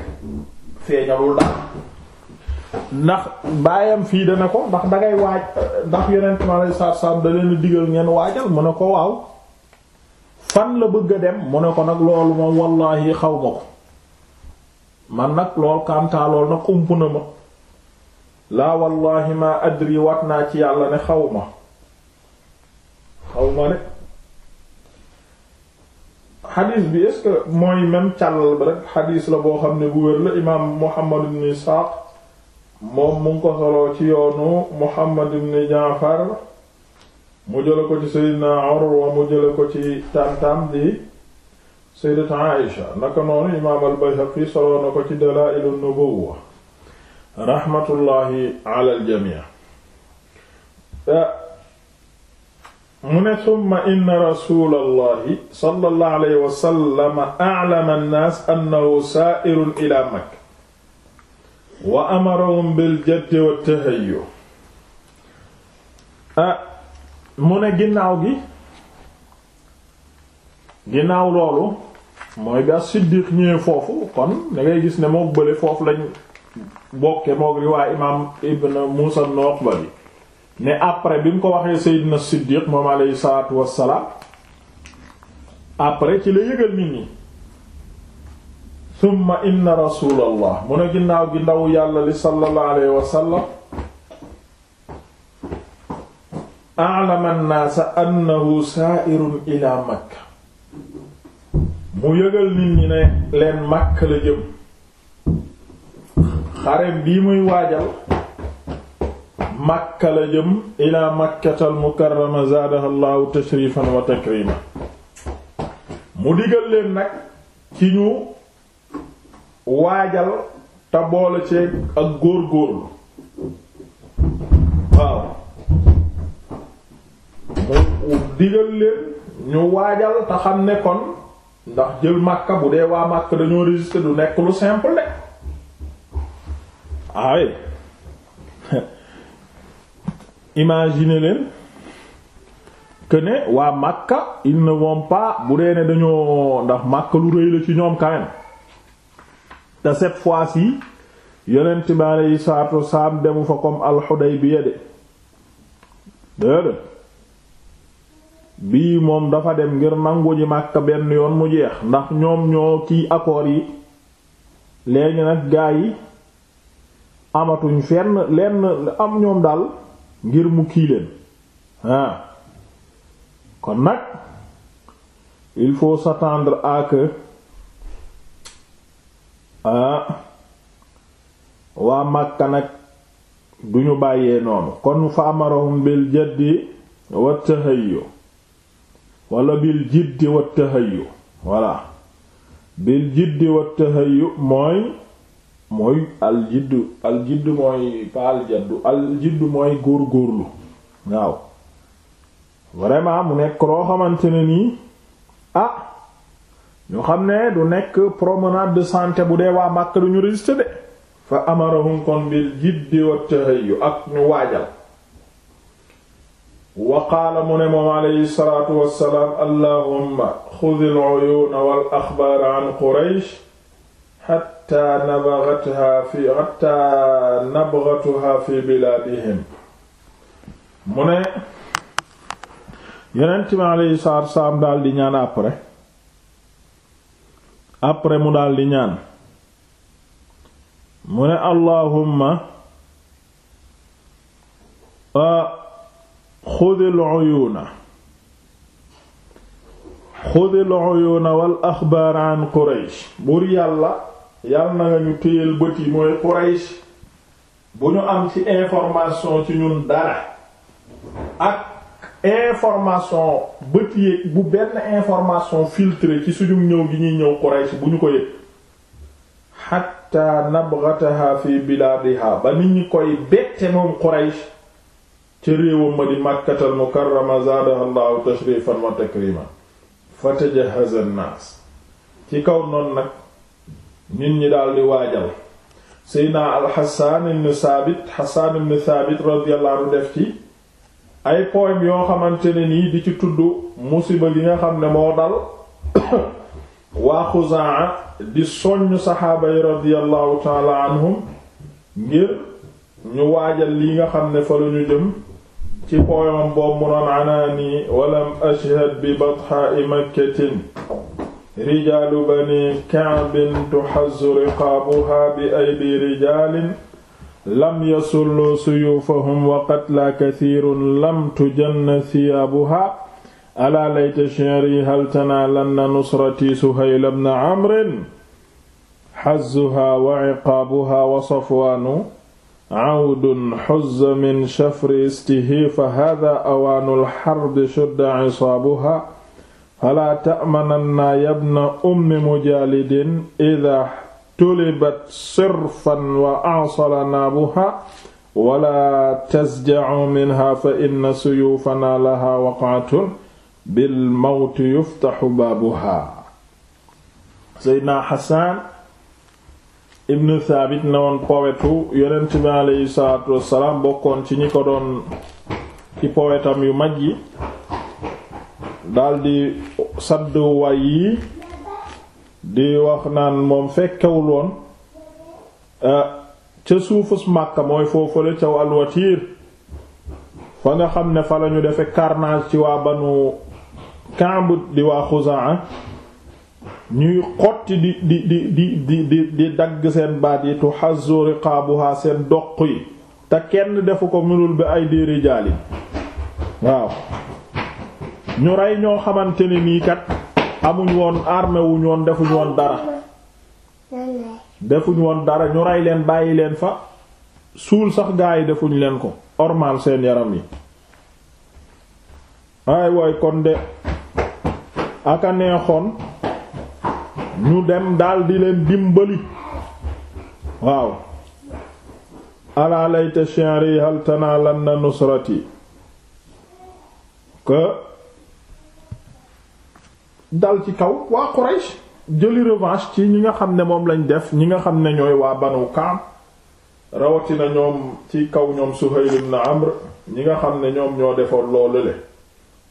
feeñalul daal ndax baayam fii dana ko ndax dangay waaj ndax yonent mi alayhi salaatu salaam da leen digal ngeen waajal mu ne ko waaw fan la bëgg a dem mu ne ko nag loolu moom wallaahi xaw ma ko man nag lool kantaa lool nag na ma laa wallaahi ma adri wat naa ci yàlla ne xaw ma xaw ma ne xadiis bi est mooy même càllal bi rek xadiis la boo xam ne bu wér la imaam muhammad ibn isaaq moom mu ko soloo ci yoonu muhammad ibn jaafar mu jële ko ci seydina urwa mu jële ko ci tàntam di sayyidat Aisha naka noonu imaam al-Bayhaqi soloo na ko ci Dalaa'il an-Nubuwwa rahmatullahi ala al-jamii eh, mu ne summa inna rasulallahi sallallahu alayhi wa sallam a'lama an-naas annahu saa'irun ila Makka wa amarahum bil jaddi wa tahayyu ah eh, mu ne ginnaaw gi ginnaaw loolu mooy bi as ñëwee foofu kon da ngay gis ne moo bële foofu lañ bokke moog riwaay imaam Ibn Muusa ibn Uqba bi ne après bi mu ko waxee Seydina Siddiq moom alayhi salaatu wassalaam après ci la yëgal nit ñi thumma inna rasulallah mu ne ginnaaw gi ndaw yàlla li sallallahu alayhi wa sallam a'lama an-naasa annahu Makka mu yëgal nit ñi ne leen Makka la jëm xarem bii muy waajal Makka la jëm ilaa Makkatal mukarrama zaadaha tashrifan wa mu digal leen nag ci ñu waajal te boole ci ak góorgóorlu waaw mu digal leen ñu waajal te xam ndax jël Makka bu dee waa Makka dañoo résister du nekk lu simple de ay ah imagine leen que waa Makka ils ne vont pas bu dee ne dañoo ndax Makka lu rëy la ci ñoom quand te cette fois-ci yonent bi aleyhi salaatu wasalaam demu fa comme al-Hudaybiya de déedéet bii moom dafa dem ngir nangu ji Makka benn yoon mu jeex ndax ñoom ñoo kii accord yi léegi nag gaa yi amatuñ fenn lenn am ñoom daal ngir mu kii leen ah kon nag il faut s'attendre à que ah waa Makka nag duñu bàyyee noonu kon fa amarahum bil jaddi wa tahayyu wala bil jiddi wa tahayyu voilà bil jiddi wa tahayyu mooy mooy al jiddu mooy pa jaddu al jiddu mooy góor góorlu waaw vraiment mu nekk loo xamante ne nii ah ñu xam ne du nekk promenade de santé bu dee waa Makka du ñu résister de fa amarahum kon bil jiddi wa tahayyu ak ñu waajal waqaala mu ne moom alayhi salaatu wassalaam allahumma mu ne yonent mi alayhi salaatu wassalaam daal di ñaan après après mu ne allahumma a xudil uyuuna xudil wal axbaar an buur yàlla yàlla na nga ñu téyel bët yi mooy Quraysh bu ñu am ci information ci ñun dara ak information bët yi bu benn information filtré ci suñu ñëw gi ñuy ñëw Quraysh bu ñu ko yëg xatta nabghataha fi bilaadiha ba nit ñi koy bette moom Quraysh ca réewam ma di màkkatal mukarrama zaadaha tashrifan wa fa tajahaza an ci kaw noonu nag nit ñi daldi waajal seydna alxasaan ibn saabit xasaan ibn saabit radiyallahu def ci ay poème yoo xamante ne nii di ci tudd musiba li nga xam ne moo dal waa Xuzaa di soññ saxaaba yi radiyallahu taala anhum ngir ñu waajal li nga xam ne fa lañu jëm ci poemam boobu mu noon anaani walam ashhad bi batxaa'i makkatin rijaalu bani kaabin tuxazzu riqaabuhaa bi aydi rijaalin lam yasullu suyuufahum wa qatla kathiirun lam tujanna thiyaabuhaa alaa layta shi'rii hal tanaalanna nusratii suhayla bna amrin hazzuhaa wa ciqaabuhaa wa safwaanu awdun xuzza min shafri istihi fa hada awaanu lxarbi shudda cisaabuha falaa tamanannaa yabna ummi mujaalidin ida tulibat sirfan wa acsala naabuha wala tasjacu minha fa inna suyuufanaa lahaa waqcatun bilmawti yuftaxu baabuha Seydina Xasaan ibn Thabit ne woon powetu yonent bi aleyhi salaatu wassalaam bokkoon ci ñi ko doon ci powetam yu mag yi daldi sadd way yi di wax naan moom fekkewul woon eh, ca suufus Makka mooy foofale ca alwatiir fa nga xam ne fa lañu defe carnage ci waa banu Ka'b di waa Xuzaa ñuy xotti di di di di di di di dagg seen baat yi tuhazzu riqaabuha seen doq yi te kenn defu ko mënul bi ay déeri jaali waaw ñu rey ñoo xamante ne nii kat amuñ woon armewuñoon wuñ woon dara defuñ woon dara ñu rey leen bàyyi leen fa suul sax gaa yi defuñ leen ko ormal seen yaram yi ay woy kon de aka neexoon ñu dem daldi leen dimbali waaw ala layta shi'ri hal tanalanna nusrati que dal ci kaw waa Quraysh jëli revanche ci ñi nga xam ne moom lañ def ñi nga xam ne ñooy waa Banu Kaam rawatina ñoom ci kaw ñoom Suhayl ibn Amr ñi nga xam ne ñoom ñoo defoon loolu le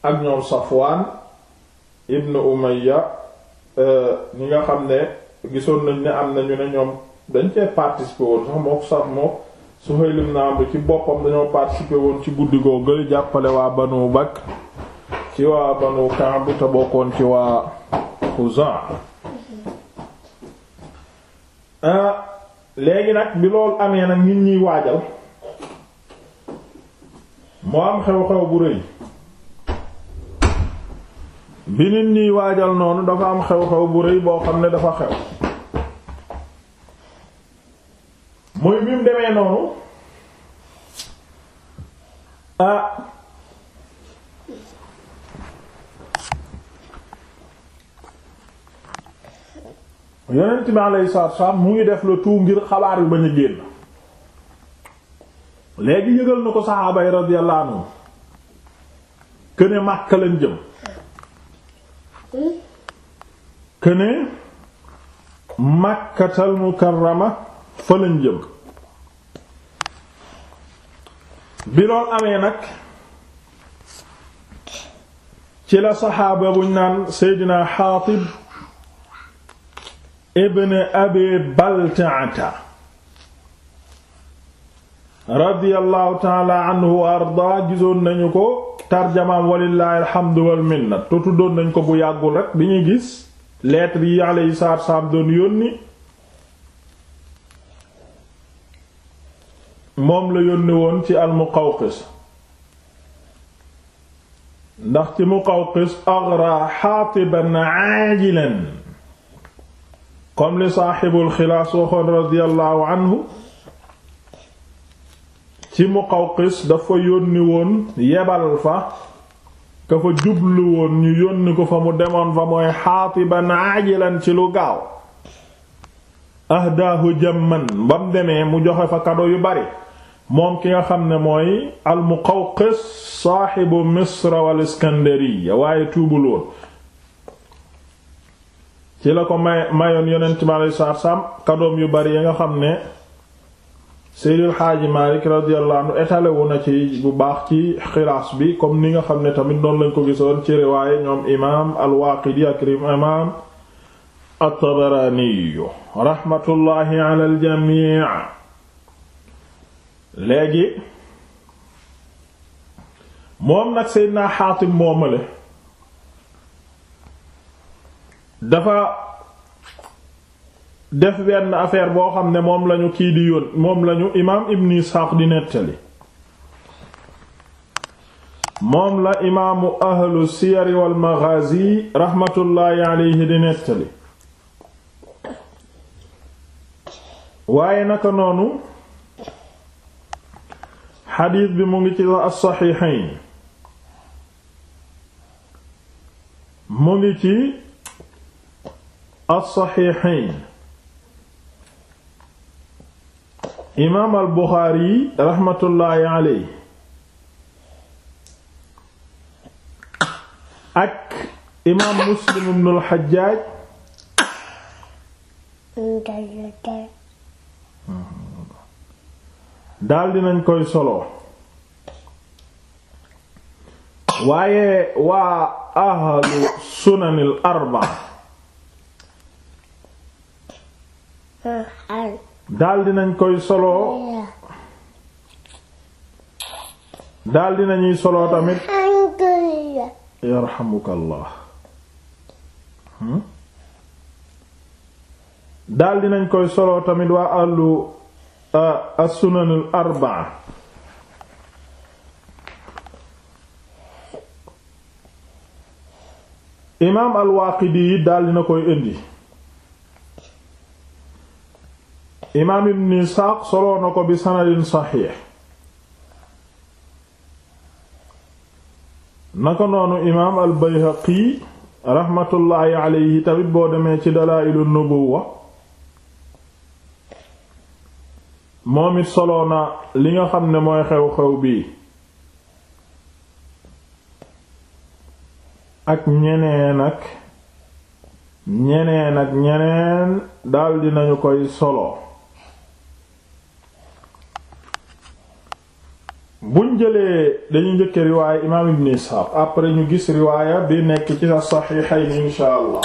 ak ñoom Safwaan ibn Umayya ñi nga xam ne gisoon nañ ne am na ñu ne ñoom dañ cee participer woon sax mook sax mook Suhayl ibn Amr ci boppam dañoo participer woon ci guddi googu jàppale waa wu bag ci waa Banu Ka'b te bokkoon ci waa Xuzaa ah, léegi nag bi loolu amee nag nit ñiy waajal moo am xew-xew bu rëy bi nit ñiy waajal noonu dafa am xew-xew bu rëy boo xam ne dafa xew muy mu demee noonu ah yonent bi alayhi salaatu wassalaam mu ngi def le tout ngir xabaar yu ba a génn léegi yëgal na ko saxaaba yi radiyallahu anhu këne Makka lañ jëm këne makkatal mukarrama fa jëm bi amee nag ci la saxaaba buñ naan seydina xaatib ibn abi baltaata radiyallahu taala anhu wa ardaa gisoon nañu ko tarjamaam walillahi alhamdu wal minna te tuddoon ko bu yàggul rek bi ñuy gis lettre yi alayhi salaatu salaam doon yónni moom la yónni woon ci al Muqawqis ndax ci Muqawqis aghra xaatiban aajilan comme li saaxibul xilaas waxoon radiyallahu anhu ci Muqawqis dafa yónni woon yebal fa ka fa jublu woon ñu yónni ko fa mu demoon fa mooy xaatiban aajilan ci lu gaaw ahdaahu jamman ba demee mu joxe fa kado yu bari moom ki nga xam ne mooy al Muqawqis saaxibu Misra wal Iskandariya waaye tuubul ci la ko mayoon yonent mi alayhi salaam kadoom yu bari yi nga xam ne Seydil Xaaji Maalik radiyallahu anhu étalé na ci bu baax ci xilaas bi comme ni nga xam ne tamit noonu lañ ko gisoon ci riwaaye ñoom imaam al-Waaqidi ak imaam at-Tabaraani raxmatullaahi ala jamii léegi moom nag Seydina Xaatim moomale dafa def benn affaire boo xam ne moom lañu kii di yoon moom lañu imaam ibn Isxaaq di nettali moom la imaamu ahlu siyari wal maghaazi raxmatullaahi alayhi di nettali waaye naka noonu xadiis bi mu ngi ci as-saxiixayn mu ngi ci as-saxiixayn imaam al buxaari yi raxmatullaahi ak imaam muslim ibnul xajaaj daal dinañ koy solo waaye waa ahlu sunanil arba daldi nañ koy soloo daldi nañuy solo tamit yarhamukallah hmm? daldi nañ koy solo tamit waa àllu as-sunan al-arba'a imaam al-Waaqidi daldi na koy indi imaam ibn Isxaaq soloo ko bi sanadin saxiix naka noonu imaam al Bayhaqi raxmatullaahi alayhi tamit boo demee ci Dalaa'ilu Nubuwwa moom it soloo na li nga xam ne mooy xew-xew bii ak ñeneen ak ñeneen ak ñeneen daldi nañu koy solo bu jëlee dañu jëkk riwaaya imaam ibn Isxaaq après ñu gis riwaaya bi nekk ci as-Saxiixayn inshaa Allah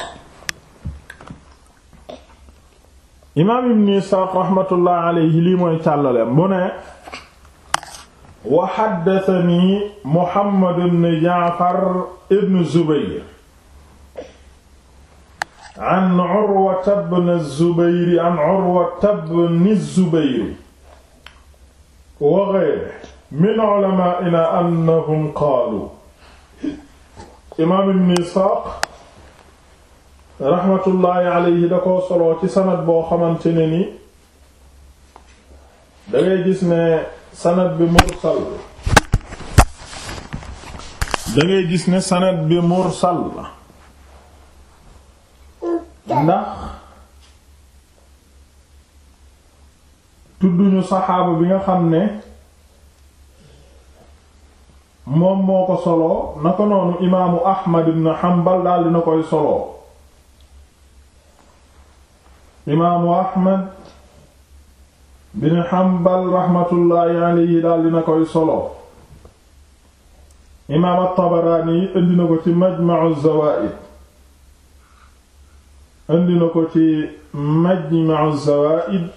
imaam ibn Isxaaq raxmatullahi alayhi lii mooy càllale mu ne wa xaddatani Muhammad ibn Jaafar ibn Zubayr wa ghayrihi min ulamaaina annahum qaalu imaam ibn isxaaq raxmatullaahi alayhi da soloo ci sanad boo xamante ne ni dangay gis ne sanad bi mursal dangay gis ne sanad bi mursal ndax tudduñu saxaaba bi nga xam ne moom moo ko soloo na ko noonu imaamu ahmad ibn hanbal daal dina koy soloo imaamu ahmad bin hanbal rahmatullahi alayhi daal dina koy soloo imaam at yi na ko ci majma'u zawaa'id indi na ko ci majma'u zawaa'id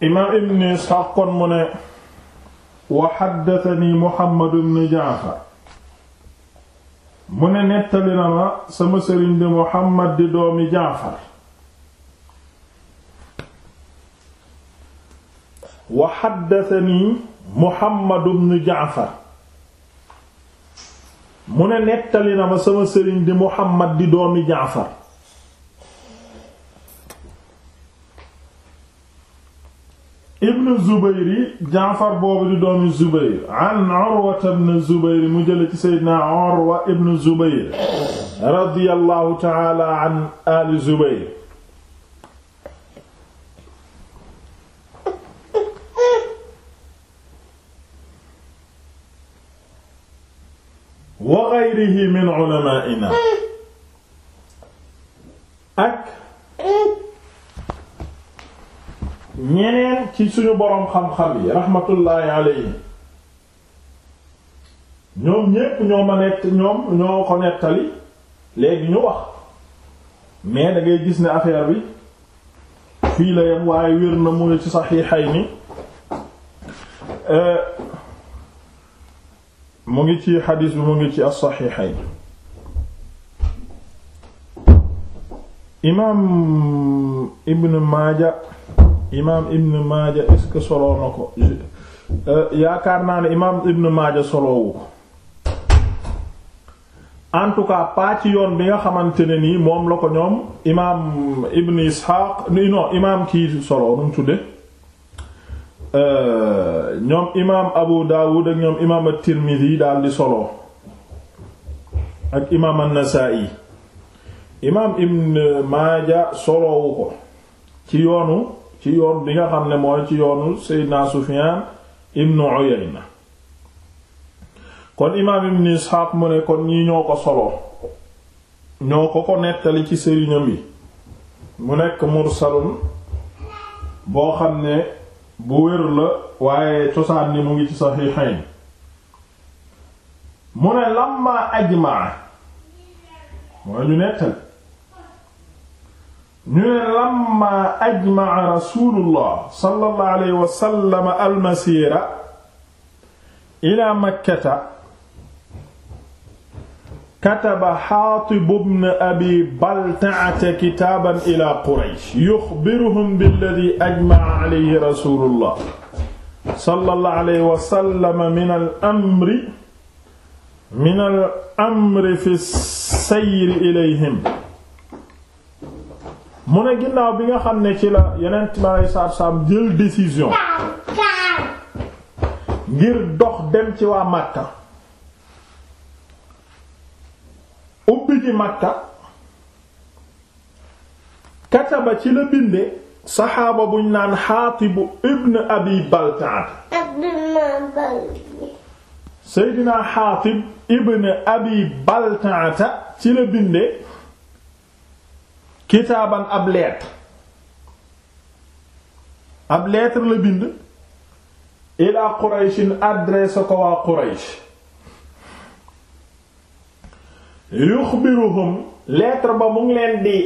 imaam ibn isxaaq kon mu ne wa xaddatani Muhammad mu ne nettali na ma sama sëriñ di Muhammad di doomi Jaafar wa xaddatani Jaafar mu ne nettali na ma sama sëriñ di Muhammad di doomi Jaafar ibn Zubayr yi Jaafar boobu di doomi Zubayr an Urwa ibn Zubayr mu jële ci Seydina Urwa ibn Zubayr radiyallahu ta'ala an ali Zubayr wa ghayrihi min ulama'ina ak ñeneen ci suñu boroom xam-xam yi rahmatullahi alayhi ñoom ñépp ñoo ma nett ñoom ñoo ko nettali léegi ñu wax mais da ngay gis ne affaire bi fii la yem waaye wér na mu ne ci Sahihayni euh, mu ngi ci xadiis bi mu ngi ci as-Sahihayn imaam Ibn Maaja imaam Ibn Maaja est-ce na ko euh, yaakaar naa ne imaam Ibn Maaja solowu ko en tout cas pas ci yoon bi nga xamante ne nii moom la ko ñoom imaam Ibn Isxaaq non imaam kii solo nu mu tudde euh, ñoom imaam Abu Daawud ak ñoom imaam at-Tirmidhi daal di solo ak imaam an-Nasaa'i imaam Ibn Maaja solowu ko ci yoonu. ci yoon bi nga xam ne mooy ci yoonu Seydina Sufyan ibnu Uyayna kon imaam ibn Isxaaq mu ne kon ñii ñoo ko solo ñoo ko ko nettali ci sëriñam yi mu nekk mursalun boo xam ne bu wér la waaye cosaan ni mu ngi ci saxiixayn mu ne lamma ajmaa mooy ñu nettali ñu ne lamma ajmaa rasulullah sallallahu alayhi wa sallam almasira ila makkata kataba xaatib ibn abi baltaata kitaaban ila quraysh yuxbiruhum billadi ajmaa alayhi rasulullah sallallahu alayhi wa sallam min al amri min al amri fi sayri ilayhim mu ne ginnaaw bi nga xam ne ci la yeneen timaayu saabsaab jël décision ngir dox dem ci waa Makka ubbi ji Makka kataba ci la binde saxaaba buñ naan Xaatibu ibn Abi Baltaa Seydina Xaatib ibn Abi Baltaa ci la binde kitaaban ab lettre ab lettre la bind ila qurayshin adresse ko waa quraysh yuxbiruhum lettre ba mu ngi leen di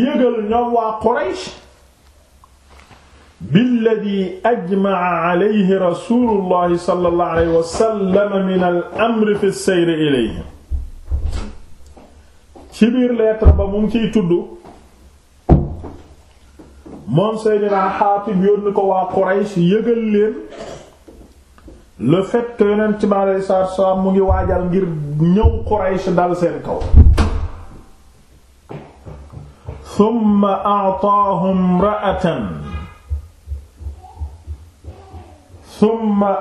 yëgal ñoom waa quraysh billadi ajmaa alayhi rasulullahi sallallahu alayhi wa sallam min al amri fi sayri ilayhim ci biir lettre ba mu ngi ciy tudd moom Seydina Xaatib yónni ko waa Quraysh yëgal leen le fait que yonent bi alayhi salaatu salaam mu ngi waajal ngir ñëw Quraysh dal seen kaw summa a'taahum imra'atan summa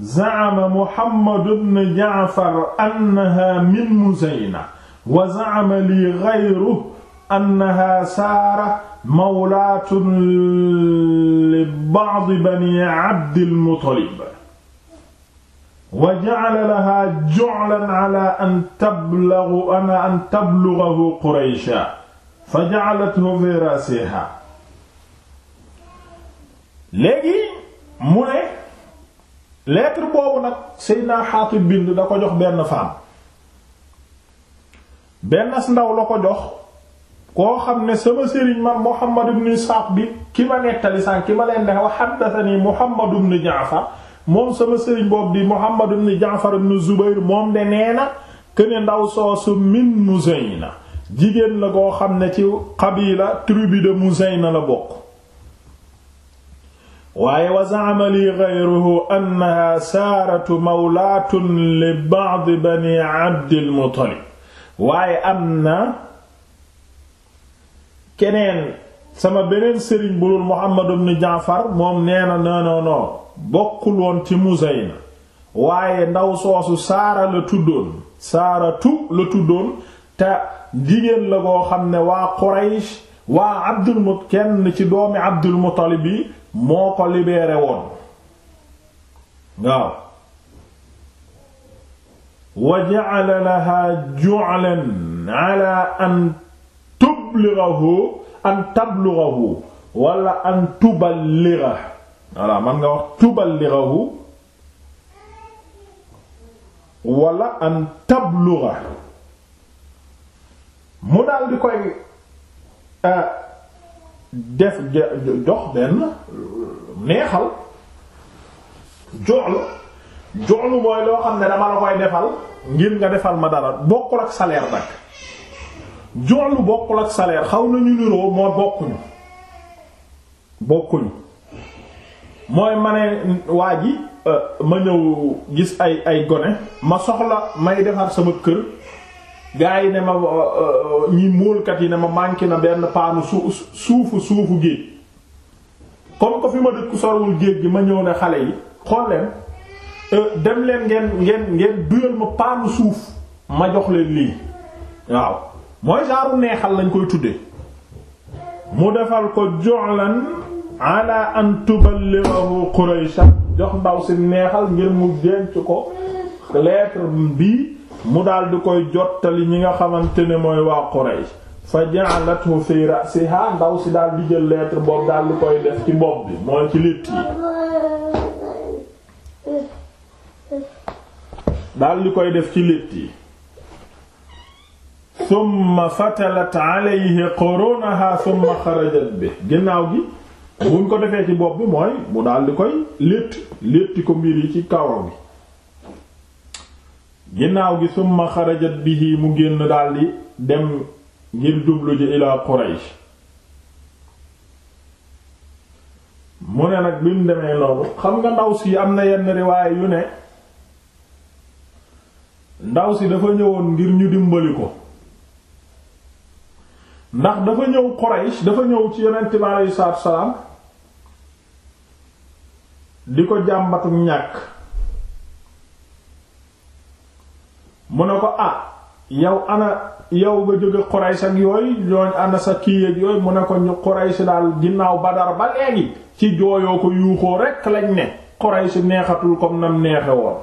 za'ama Muhammad ibn Ja'far annaha min Muzayna wa za'ama li ghayruhu annaha Saara mawlaatun li ba'di bani Abdil Muttalib wa ja'ala lahaa ju'lan 'alaa an tablugha ana an tablughahu Qurayshan fa ja'alathu fi raasihaa léegi mu ne lettre boobu nag naa Xaatib bind da ko jox benn femme benn ndaw la ko jox koo xam ne sama sëriñ man Muhammad ibn Isaaq bi ki ma nettali san ki ma leen ne wa haddathani Muhammad ibn Jaafar moom sama sëriñ boobu di Muhammad ibn Jaafar ibn Zubayr moom de nee na këne ndaw soosu min Muzayna jigéen la koo xam ne ci qabila tribu de Muzayna la bokk waaye wa za'ama li ghayruhu annaha saaratu mawlaatun li ba'd bani abdil muttalib waaye am na keneen sama beneen sëriñ bu dul muhammad ibn jaafar moom nee na noonoonoo bokkul woon ci muzayna waaye ndaw soosu saara la tuddoon saaratu la tuddoon te jigéen la koo xam ne waa quraysh waa abdul kenn ci doomi abdul muttalib yi moo ko libéré woon waaw wa ja'ala laha ju'lan ala an tublighahu an tablughahu wala an tuballighahu wala man nga wax tuballighahu wala an tablughahu mu daal di koy euh, def jox benn neexal joxlu joolu mooy loo xam ne dama la koy defal ngir nga defal ma dara bokkul ak salaire nag joolu bokkul ak salaire xaw nañu niroo moo bokkuñu bokkuñu mooy ma waa ji euh, ma ñëw gis ay ay gone ma soxla may defar sama kër gaa yi ne ma uh, uh, ñi móolkat yi ne ma manqué na benn paanu suuf suufu suufu géej comme ko fi ma dëkk sorwul géej gi ma ñëw ne xale yi xool leen euh, dem leen ngeen ngeen ngeen duyal ma paanu suuf ma jox leen lii waaw mooy genre neexal lañ koy tudde mu defal ko joxlan ala an tuballighahu Quraysh jox ndaw si neexal ngir mu denc ko lettre bi mu daal di koy jottali ñi nga xamante ne mooy waa Quraysh fa ja'alathu fi ra'siha ndaw si daal di jël lettre boobu daal di koy def ci bopp bi mooy ci létt yi daal di koy def ci létt yi summa fatalat alayhi qurunaha summa xarajat bi ginnaaw gi buñ ko defee ci bopp bi mooy mu daal di koy létt létti ko mbir yi ci kaw bi ginnaaw gi summa xarajat bihi mu génn daldi dem ngir jublu ji ilaa Quraysh mu ne nag bi mu demee noonu xam nga ndaw si am na yenn riwaaye yu ne ndaw si dafa ñëwoon ngir ñu dimbali ko ndax dafa ñëw Quraysh dafa ñëw ci yonent bi aleyhi salaatu wa salaam di ko jàmbatu ñàkk mu ne ko ah yow ana yow nga jóge Quraysh ak yooyu ñooñ ana sa kii ak yooyu mu ne ko ñu Quraysh daal ginnaaw Badar ba léegi ci jooyoo ko yuuxoo rekk lañ ne Quraysh neexatul comme nam neexe woon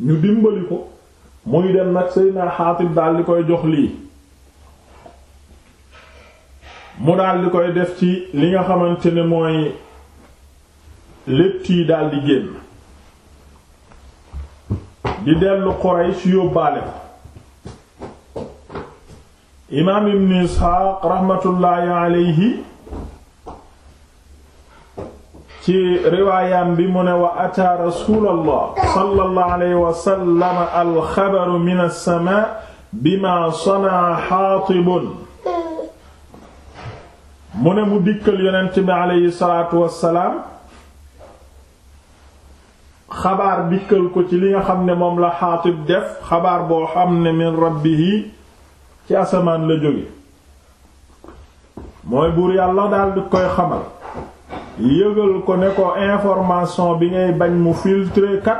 ñu dimbali ko muy dem nag Seydina Xaatib daal di koy jox lii mu daldi koy def ci li nga xamante ne mooy létt yi daal génn di dellu Quraysh yóbbaale ko imaam ibn Isxaaq raxmatullaahi alayhi ci riwaayam bi mu ne wa ataa rasuulallah sallallahu alayhi wa sallam alxabaru min as-samaa bimaa sanaa Xaatibun mu ne mu dikkal yonent bi alayhi salaatu wa salaam xabaar dikkal ko ci li nga xam ne moom la Xaatib def xabaar boo xam ne min rabbihi ci asamaan la jóge mooy buur yàlla daal di koy xamal yëgal ko ne ko information bi ngay bañ mu filtré kat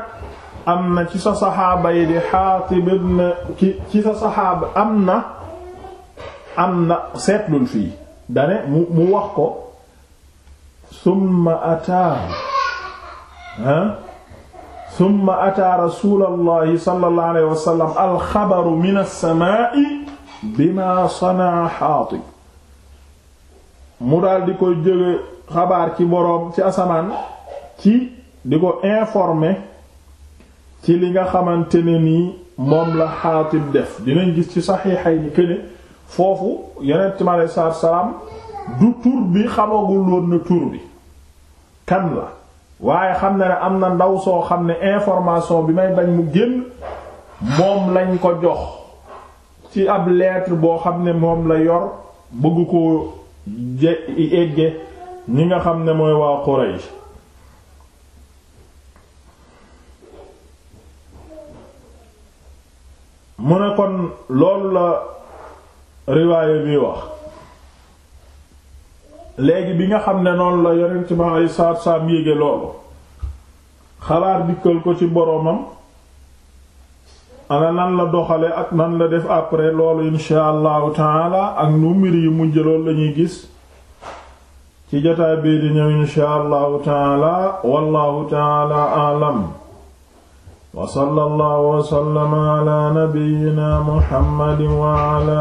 am na ci sa saxaaba yi di Xaatib ibn ci sa saxaaba am na am na seetlul fii dane mu mu wax ko summa ataa ah, summa ataa rasulallahi sallallahu alayhi wa sallam alxabaru min as-samaa'i bimaa sanaa Haatib mu daal di koy jóge xabaar ci boroom ci asamaan ci di ko informer ci li nga xamante ne nii moom la Haatib def dinañ gis ci saxiixayni këne foofu yonent mi alayhi salaatu wa salaam du tur bi xamagul woon na tur bi kan la waaye xam na ne am na ndaw soo xam ne information bi may bañ mu génn moom lañ ko jox ci ab lettre boo xam ne moom la yor bëgg ko je egge ñi nga xam ne mooy waa Quraysh mu ne kon loolu la riwaaye bi wax léegi bi nga xam ne noonu la yonent bi aleyhi salaatu salaam yéege loolu xalaat dikkal ko ci boroomam ana nan la doxale ak nan la def après loolu insha allahu taala ak nu mbir yi mujj loolu lañuy gis ci jotaay bii di ñëw insha allahu taala wallahu taala a'lam wa sallallahu wa sallama ala nabiyyina muhammadin wa ala